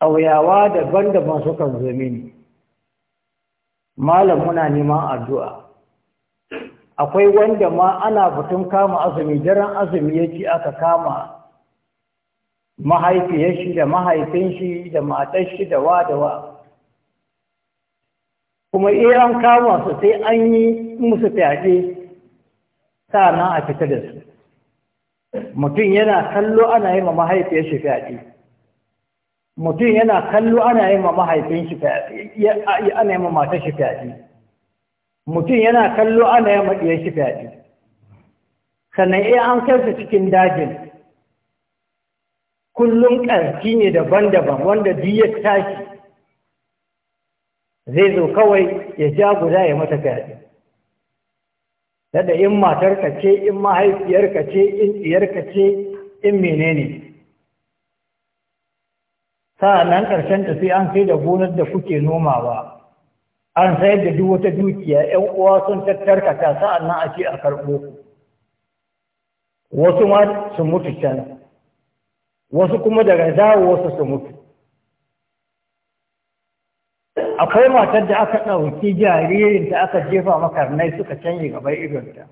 ƙauyawa daban-daban sukan zo mini malam muna neman addu'a akwai wanda ma ana batun kama azumi daren azumi ya ci aka kama mahaifiyar shi da mahaifin shi da matar shi da wa da wa kuma iran kama su sai an yi musu fyaɗe na a fita da su mutum yana kallo ana yi ma mahaifiyar shi fyaɗe mutum yana kallo ana yi ma mahaifin shi fyaɗe ana yi ma matar shi fyaɗe mutum yana kallo ana yi ma ɗiyar shi fyaɗe sannan iya an kai su cikin dajin kullum ƙarfi ne daban-daban wanda duk ya tashi zai zo kawai ya ja guda ya mata fyaɗe yadda in matarka ce in mahaifiyarka ce in ɗiyarka ce in menene sa'annan ƙarshen ta sai an sai da gonar da kuke noma ba an sayar da duk wata dukiya ‘yan uwa sun tattarka ta sa’an nan ake a karɓo wasu ma su mutu can wasu kuma daga dawo wasu su mutu akwai matar da aka ɗauki jaririnta aka jefa makarnai suka canje gaba idonta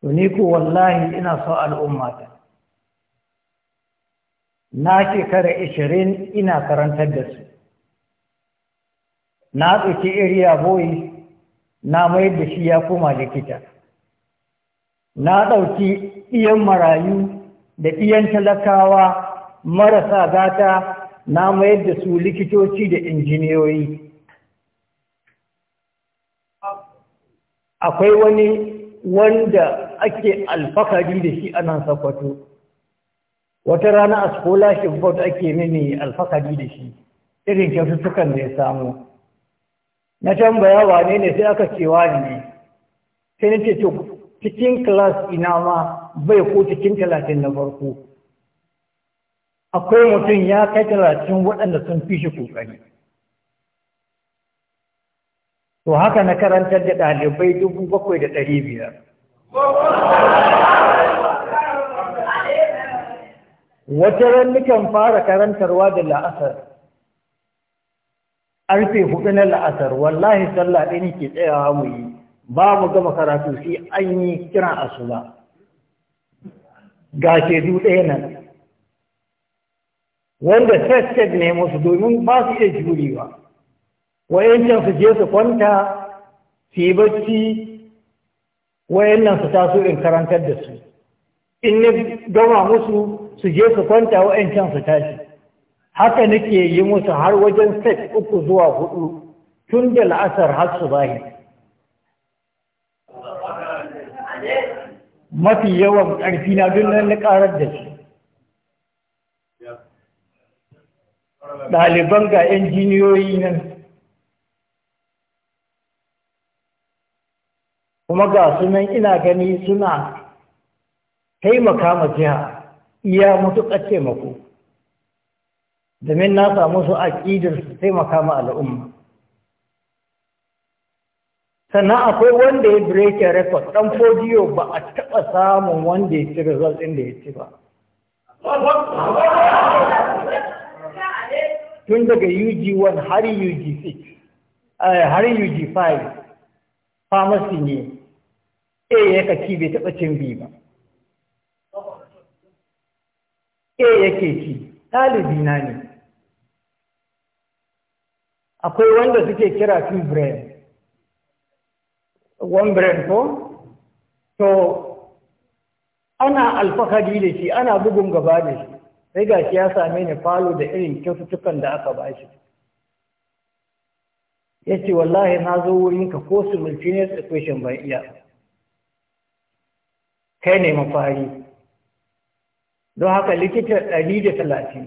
Tuni ku wallahi ina so al'ummata na shekara ishirin ina karantar da su na tsoki iriya boyi na mayar da shi ya koma likita na ɗauki iyan marayu da ɗiyan talakawa marasa gata na mayar da su likitoci da injiniyoyi akwai wani wanda ake alfakari da shi anan sakwato wata rana a scholarship board ake mini alfakari da shi irin kyaututtukan da ya samu na tambaya wane ne sai aka cewa ne sai na ce cikin class ina ma bai ko cikin talatin na farko akwai mutum ya kai talatin waɗanda sun fi shi kokari to haka na karantar da ɗalibai dubu bakwai da ɗari biyar wata rannukan fara karantarwa da la'asar arfe hudu na la'asar wallahi sallah ɗin ke tsayawa mu yi ba mu gama karatu sai an yi kira asuba ga shaidu ɗaya nan wanda tested ne musu domin ba su iya jurewa wayancan su je su kwanta su yi bacci wayannan su taso in karantar da su in ni gama musu su je su kwanta wayancan su tashi haka nake yi musu har wajen set uku zuwa hudu tun da la'asar har su zahiri mafi yawan ƙarfi na duk na ƙarar da shi ɗaliban ga injiniyoyi nan kuma ga sunan ina gani suna taimaka ma jiha iya matuƙar taimako domin na samu su aƙidar su taimaka ma al'umma sannan akwai wanda ya breaking record dan fodiyo ba a taba samun wanda ya ci result ɗin da ya ci ba tun daga UG1 har UG6 eh, har UG5 pharmacy ne A ya kaci bai taba cin B ba A yake ci ɗalibi na ne akwai wanda suke kira two one bread ko to ana alfahari da shi ana bugun gaba da shi sai ga shi ya same ni falo da irin kyaututtukan da aka ba shi ya ce wallahi na zo wurin ka. ko simultaneous equation ban iya kai ne mafari don haka likita ɗari da talatin.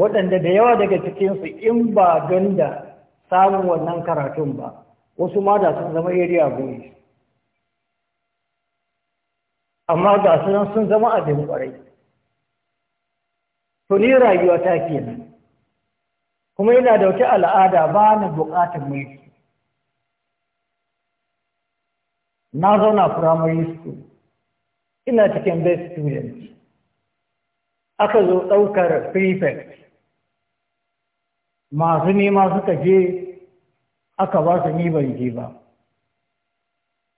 waɗanda da yawa daga cikinsu in ba ganda samun wannan karatun ba wasu ma da sun zama area boys amma ga nan sun zama abin kwarai to ni rayuwa ta ke nan. kuma yana da wata al'ada ba na bukatar mulki na zauna primary school ina cikin best student aka zo ɗaukar prefect masu nema suka je aka ba su ni ban je ba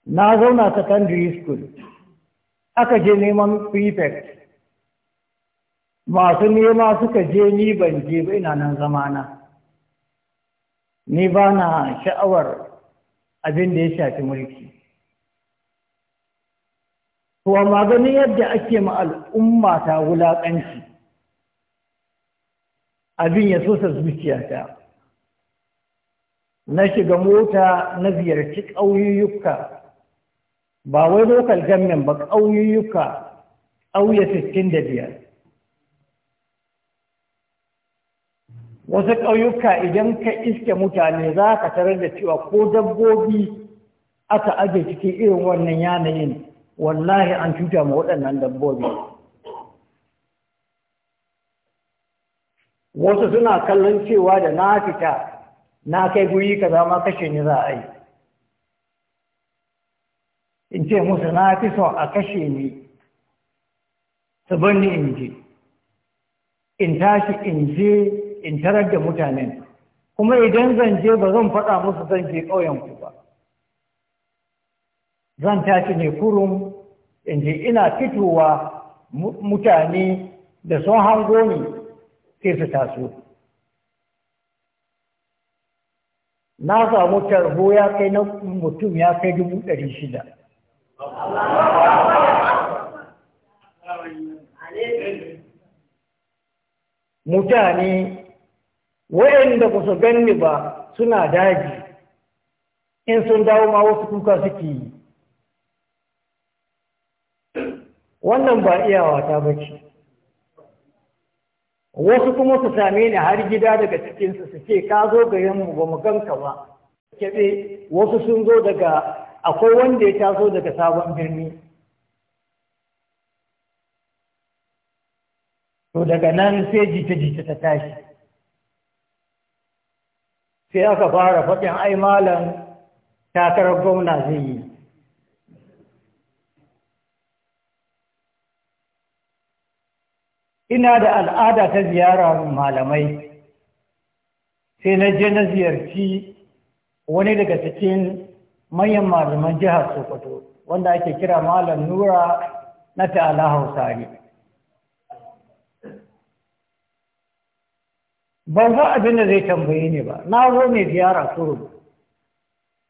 na zauna secondary school aka je neman prefect masu nema suka je ni ban je ba ina nan zamana ni ba na sha'awar abin da ya shafi mulki kuwa maganin yadda ake ma al'umma ta wulaƙanci abin ya sosa zuciyata na shiga mota na ziyarci ƙauyuyyuka ba wai local government ba ƙauyuyyuka ƙauye biyar. wasu ƙauyuka idan ka iske mutane za ka tarar da cewa ko dabbobi aka ajiye cikin irin wannan yanayin wallahi an cuta ma waɗannan dabbobi wasu suna kallon cewa da na fita na kai guri za ma kashe ni za a yi in ce musu na fi son a kashe ni su ni in je in tashi in je in tarar da mutanen kuma idan zan je ba zan faɗa musu zan je ƙauyenku ba zan tashi ne kurum in je ina fitowa mutane da sun hango ni sai taso na samu tarho ya kai na mutum ya kai dubu ɗari shida mutane waɗanda ku su ganni ba suna daji in sun dawo ma wasu kuka suke yi wannan ba iyawa ta bace wasu kuma su same ni har gida daga cikinsu su ce ka zo ga mu ba mu ganka ba kebe wasu sun zo daga akwai wanda ya taso daga sabon birni to daga nan sai jita-jita ta tashi sai aka fara faɗin ai malam takarar gwamna zai yi ina da al'ada ta ziyara malamai sai na je na ziyarci wani daga cikin manyan malaman jihar sokoto wanda ake kira malam nura na ta'ala ne. ban za abin da zai tambaye ni ba na zo mai ziyara turu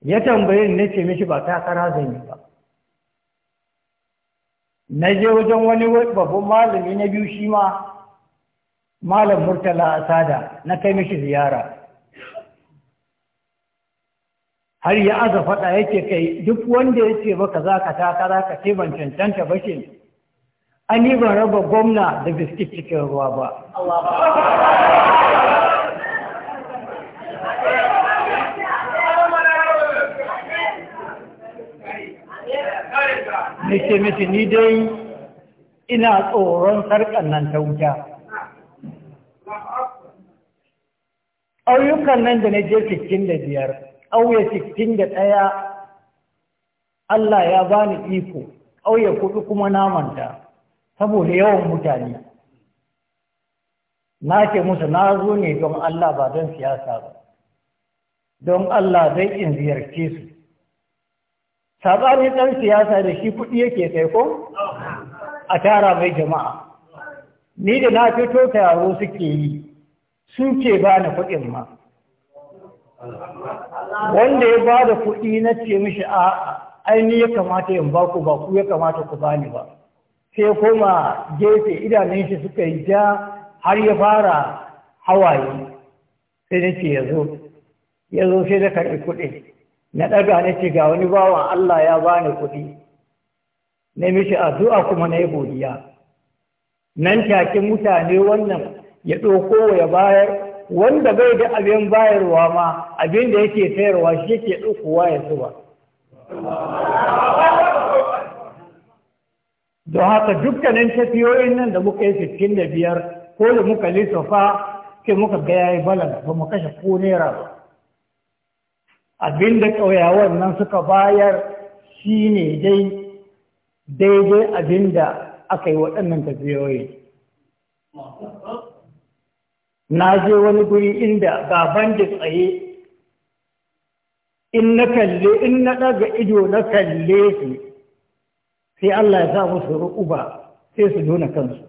ya tambaye ne ce mishi ba takara zan yi ba na je wajen wani babban malami na biyu shi ma malam murtala asada na kai mishi ziyara har ya aza faɗa yake kai duk wanda ya ce baka za ka takara ka ce ban cancanta ba shi an yi ban raba gwamna da biskit cikin ruwa ba ni ce ni dai ina tsoron sarƙan nan ta wuta ƙauyukan nan da na je da biyar, 65 da ɗaya. Allah ya bani iko ƙauye kuɗi kuma namanta saboda yawan mutane na ce musu na zo ne don Allah ba don siyasa ba don Allah zai in ziyarce su sabanin dan siyasa da shi kudi yake kai ko a tara mai jama'a ni da na fito taro suke yi sun ce ba na kuɗin ma wanda ya ba da kuɗi na ce mishi a aini ya kamata in ba ku ba ku ya kamata ku bani ba sai koma gefe idanun shi suka yi ja har ya fara hawaye sai na ce ya zo sai da karɓi kuɗi na ɗaga na ce ga wani bawan Allah ya bani kuɗi na mishi addu'a kuma na yi godiya nan take mutane wannan ya ɗauko ya bayar wanda bai da abin bayarwa ma abin da yake sayarwa shi yake ɗaukowa ya zuba don haka dukkanin tafiyoyin nan da muka yi sittin da biyar ko da muka lissafa sai muka ga yi balan ba mu kashe ko naira ba Abin da ƙauyawar nan suka bayar shi ne dai daidai da aka yi waɗannan tafiyoyi na je wani guri inda gaban da tsaye in na kalle in na ɗaga ido na kalle su sai Allah ya sa musu ru'uba sai su nuna kansu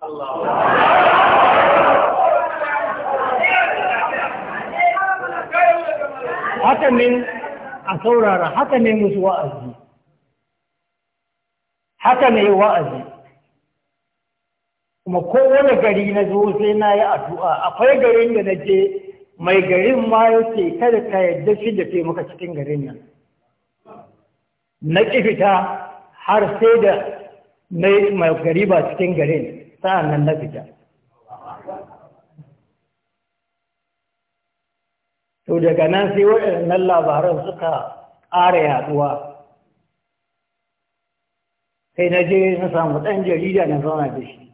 Allah haka ne a saurara haka ne musu wa'azi haka ne wa'azi kuma kowane gari na zo sai na yi addu'a akwai garin da na je mai garin ma yake kada ka yadda shi da ke maka cikin garin nan na fita har sai da mai gari ba cikin garin sa'an nan na fita to daga nan sai waɗannan labaran suka ƙara yaduwa sai na je na samu ɗan jarida na zauna da shi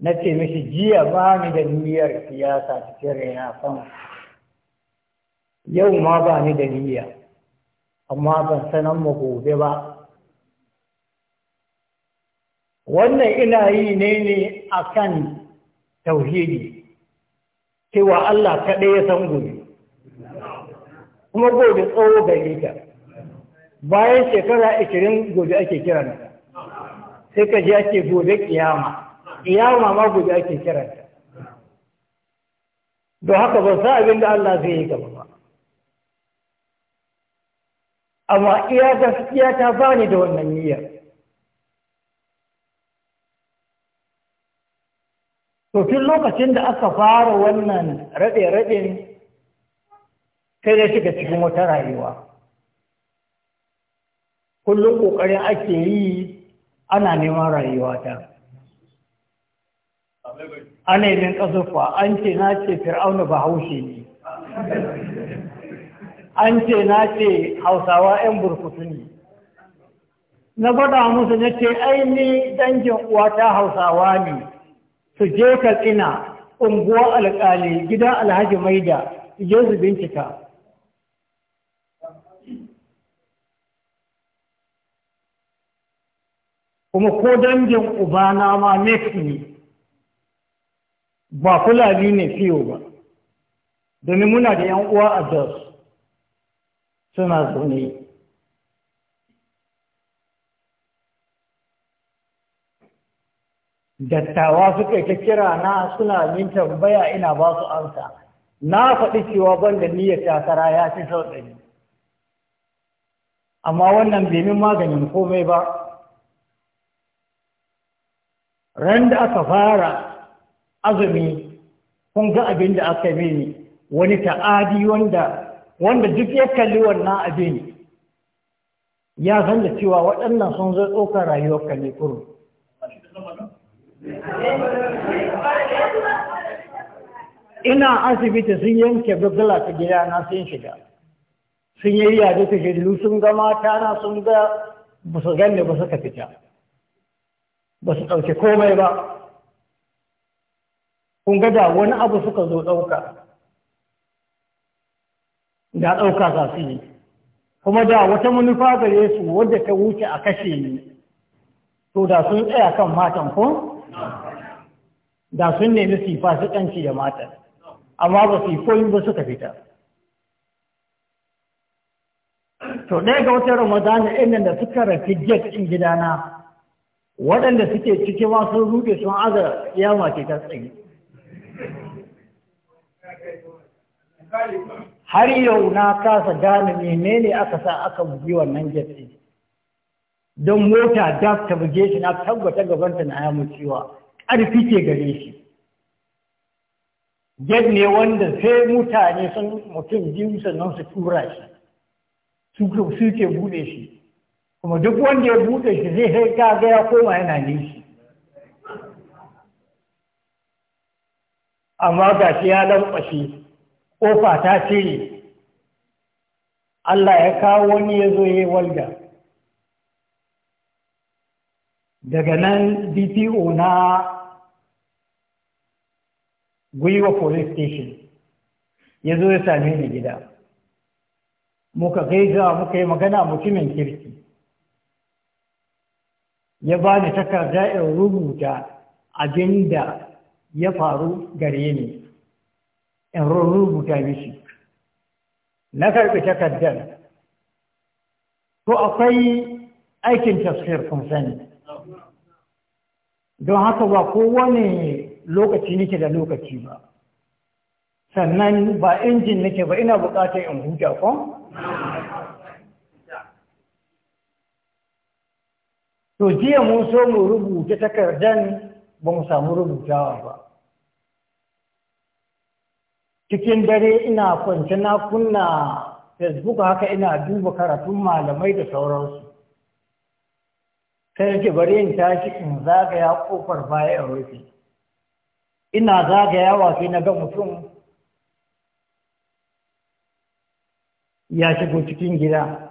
na ce mishi jiya ba ni da niyyar siyasa cire na sama. yau ma ba ni da niyya amma ban sanan mu gobe ba wannan ina yi ne ne akan tauhidi cewa Allah kaɗai ya san gobe kuma gobe tsawo gare ta bayan shekara 20 gobe ake kira na sai ka ji ake gobe ƙiyama, ƙiyama ma gobe ake kira ta don haka ba sa abin da Allah zai yi gaba ba amma iya gaskiya ta bani da wannan niyyar to tun lokacin da aka fara wannan raɗe raɗe sai ya shiga cikin wata rayuwa kullum ƙoƙarin ake yi ana neman rayuwa ta ana yi ƙasufa an ce na ce fir'auna ba haushe ne an ce na ce hausawa 'yan burkutu ne na faɗa musu na ce ainihin dangin uwata hausawa ne su je ka tsina unguwa alƙali gidan alhaji maida su je su bincika kuma ko dangin na ma next ne ba fulani ne fiyo ba domin muna da 'yan uwa a jos suna zaune dattawa suka ta kira na suna yin tambaya ina ba su amsa na faɗi cewa ban da niyyar takara ya fi sau ɗari amma wannan min maganin komai ba ran da aka fara azumi kun ga abin da aka ne wani ta'adi wanda wanda duk ya kalli wannan abin ya san da cewa waɗannan sun zo ɗaukar rayuwar ne kurum ina asibiti sun yanke gaggala ta gida na sun shiga sun yi yadda ta shillu sun ga mata na sun ga ba su ganne ba suka fita ba su ɗauki komai ba kun ga da wani abu suka zo ɗauka da ɗauka za su yi kuma da wata manufa gare su wadda ta wuce a kashe ni to da sun tsaya kan matan ko da sun nemi sifa su yi da matar, amma ba su yi koyi ba suka fita to ɗaya ga wata ramadana inda da suka rafi jet ɗin gidana waɗanda suke cikin wasu sun ruɗe sun aza yama mace ta tsaye har yau na kasa gane menene aka sa aka bugi wannan jet ɗin don mota daf ta buge shi na tabbata gabanta na ya mutuwa ƙarfi ke gare shi gad ne wanda sai mutane sun mutum biyu sannan su tura shi su ke buɗe shi kuma duk wanda ya buɗe shi zai sai ka ya koma yana nishi amma ga shi ya shi. ƙofa ta cire Allah ya kawo wani ya zo ya yi walda daga nan dpo na gwiwa police station ya zo ya same ni gida muka gaisa muka yi magana mutumin kirki ya ba ni takarda in rubuta abinda ya faru gare ni in rubuta mishi na karɓi takardar Ko akwai aikin tafsir kun sani don haka ba kowane lokaci nake da lokaci ba sannan ba injin nake ba ina bukatar in huta ko to jiya mun so mu rubuta takardan ba mu samu rubutawa ba cikin dare ina kwance na kunna facebook haka ina duba karatun malamai da sauransu sai yake bari in tashi in zagaya kofar baya in rufe ina wa sai na ga mutum ya shigo cikin gida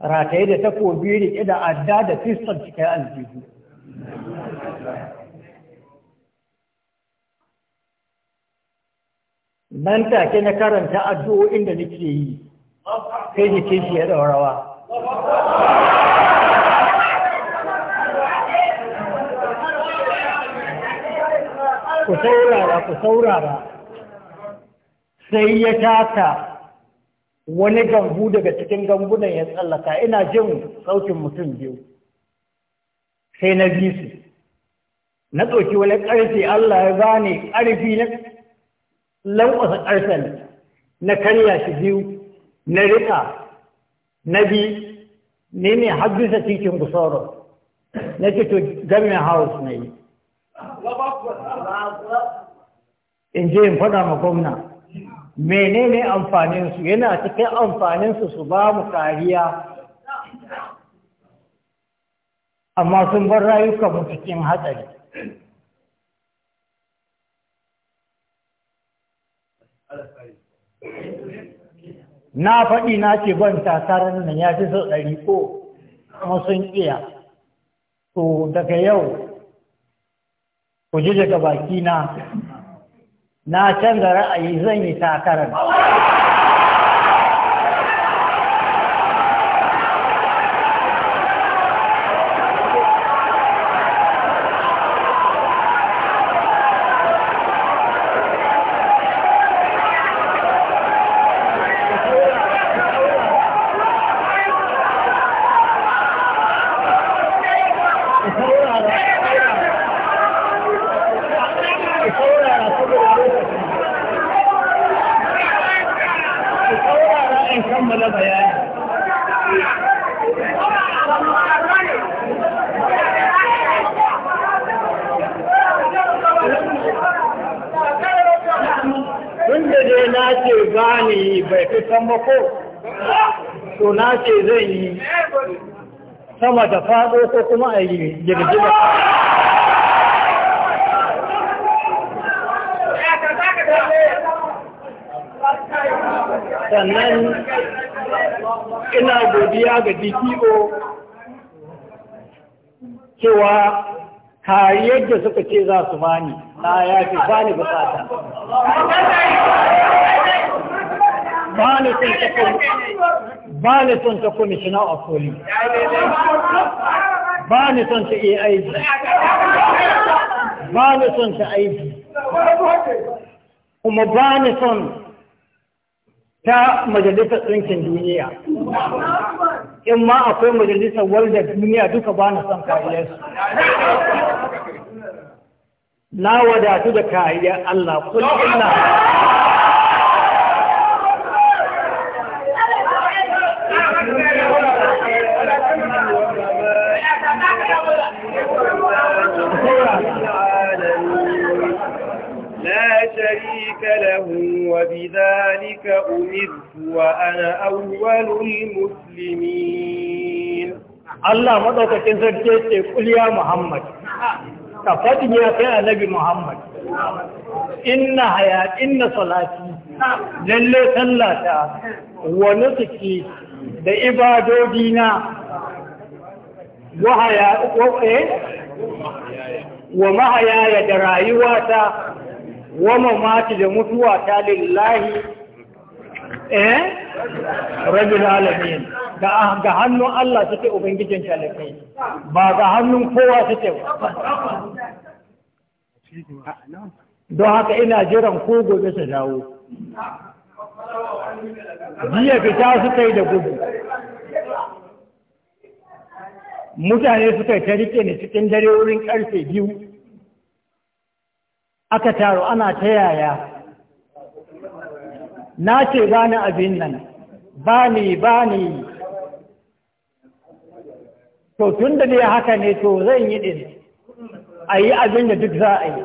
rataye da takobi riƙe da adda da fistar cikin aljihu nan take na karanta addu'o'in da nake yi sai jikin shi ya ɗaurawa ku saurara sai ya taka wani gambu daga cikin gambunan ya tsallaka ina jin sautin mutum biyu sai na bi su na tsoki wani ƙarfi Allah ya bani ƙarfi na lankwasa ƙarfen na karya shi biyu na rika na bi ne ne har bisa cikin gusarar na ce to gamin house na yi in je in faɗa ma gwamna menene amfaninsu yana cikin amfaninsu su ba mu kariya amma sun bar rayukanmu cikin hatsari na faɗi na ce ban takarar nan ya fi sau ɗari ko kuma sun iya to daga yau ku ji daga baki na na canza ra'ayi zan yi takarar da faɗo ko kuma a yi sannan ina godiya ga dpo cewa kariyar da suka ce za su bani na ya fi bani bukata ba ni son ta kwamishina a police ba ni son ta aig ba ni son ta aig kuma bani ni son ta majalisar ɗinkin duniya in ma akwai majalisar waldar duniya duka ba na son kariyarsu na wadatu da kariyar Allah kullum na وبذلك أمرت وأنا أول المسلمين الله مضى تنسى قل يا محمد تفضل يا النبي محمد إن حياتي إن صلاتي lalle sallata wa nusuki da ibadodina wa mahayaya da rayuwata wama mati da mutuwa ta lillahi eh rabbil alamin ga ga hannun Allah take ubangijin talafi ba ga hannun kowa take ba don haka ina jiran ko gobe su dawo jiya fita suka yi da gudu mutane suka ta rike ne cikin dare wurin karfe biyu aka taru ana ta yaya na ce ba abin nan ba ni ba ni to tun da ne haka ne to zan yi din a yi abin da duk za a yi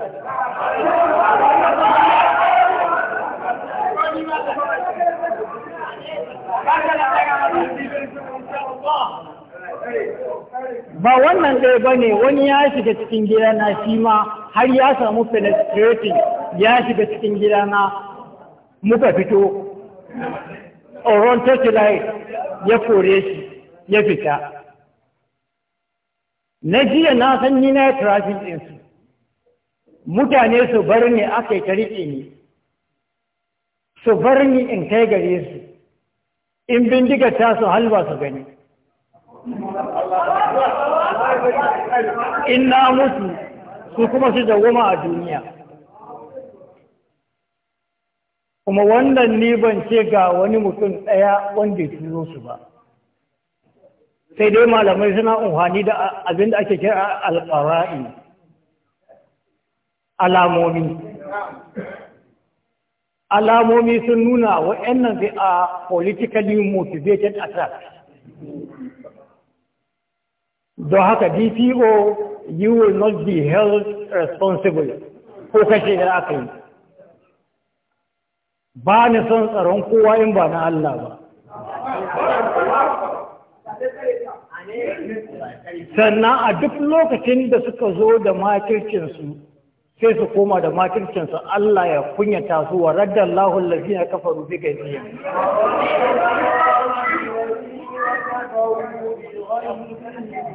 ba wannan ɗaya ba ne wani ya shiga cikin gida na shi ma har ya samu penetrating ya shiga cikin gidana muka fito oron tattalai ya kore shi ya fita na jiya na san ni na traffic ɗinsu mutane su bar ni aka yi ta riƙe ni su bar ni in kai gare su in bindiga ta su halwa su gani in na mutu su kuma su dawwama a duniya kuma wannan ne ban ce ga wani mutum ɗaya wanda ya turo su ba sai dai malamai suna umhani da abin da ake kira alfara'i alamomi alamomi sun nuna wa'annan sai a politically motivated attack don haka dpo you will not be held responsible ko kashe da aka yi ba ni son tsaron kowa in ba na Allah ba sannan a duk lokacin da suka zo da makircinsu sai su koma da makircinsu Allah ya kunyata su wa raddan lahun lafiya kafa rufi ga biya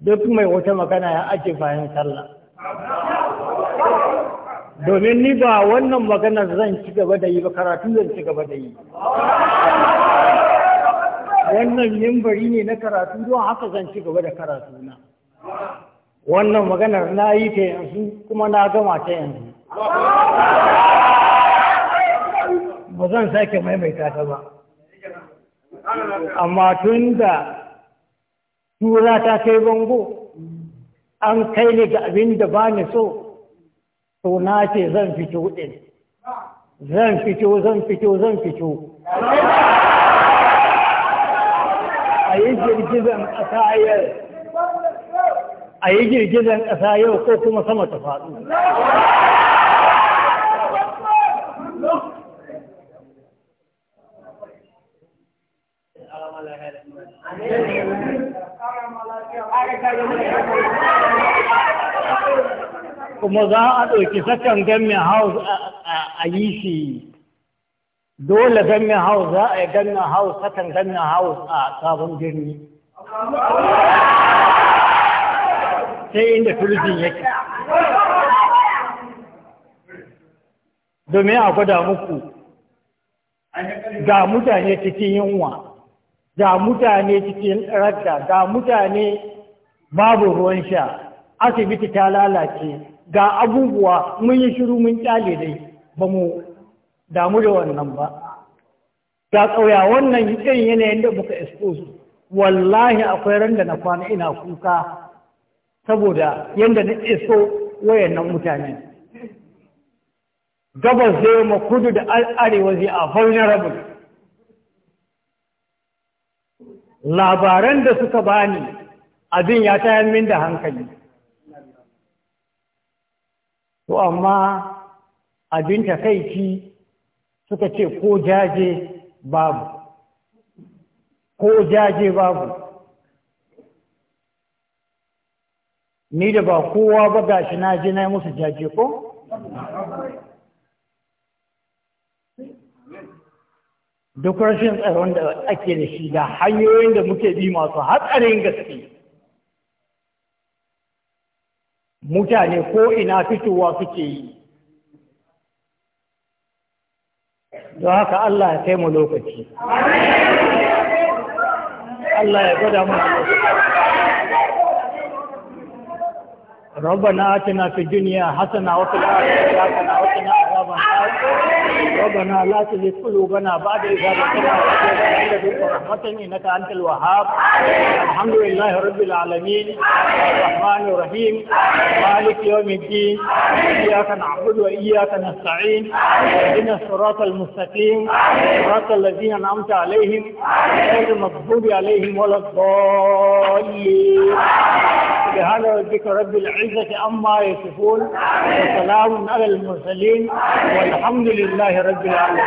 duk mai wata magana ya ake bayan sallah domin ni ba wannan magana zan ci gaba da yi ba karatu zan ci gaba da yi wannan yambari ne na karatu don haka zan ci gaba da karatu na wannan maganar na yi ta yanzu kuma na gama ta yanzu ba zan sake maimaita ta ba amma tun da tura ta kai bango an kai ni ga abin da ba ni so to na ce zan fito ɗin zan fito zan fito zan fito a yi girgizan ƙasa yau a yi girgizan ƙasa yau ko kuma sama ta faɗo Thank you. kuma za a ɗauki sakan gamin house a yi shi dole gamin house za a yi gamin house sakan gamin house a sabon birni sai inda turbin yake domin a gwada muku ga mutane cikin yunwa ga mutane cikin ragga ga mutane babu ruwan sha asibiti ta lalace ga abubuwa mun yi shiru mun kyale dai ba mu damu da wannan ba ga ƙauya wannan irin yanayin da muka expose wallahi akwai ran da na kwana ina kuka saboda yadda na iso wayannan mutane gabas zai ma kudu da arewa zai a vulnerable labaran da suka bani abin ya tayar min da hankali to amma abin takaici suka ce ko jaje babu ko jaje babu ni da ba kowa ba gashi na je na yi musu jaje ko duk rashin tsaron da ake da shi da hanyoyin da muke bi masu hatsarin gaske mutane ko ina fitowa suke yi don haka Allah ya kai mu lokaci Allah ya gwada mu ربنا آتنا في الدنيا حسنة وفي الآخرة حسنة وقنا ربنا لا تزغ قلوبنا بعد إذا هديتنا وهب رحمة إنك أنت الوهاب الحمد لله رب العالمين الرحمن الرحيم مالك يوم الدين إياك نعبد وإياك نستعين اهدنا الصراط المستقيم صراط الذين أنعمت عليهم غير المغضوب عليهم ولا الضالين بهذا ربك رب العزة عما يصفون وسلام على المرسلين والحمد alhamdulillahi rabbil alamin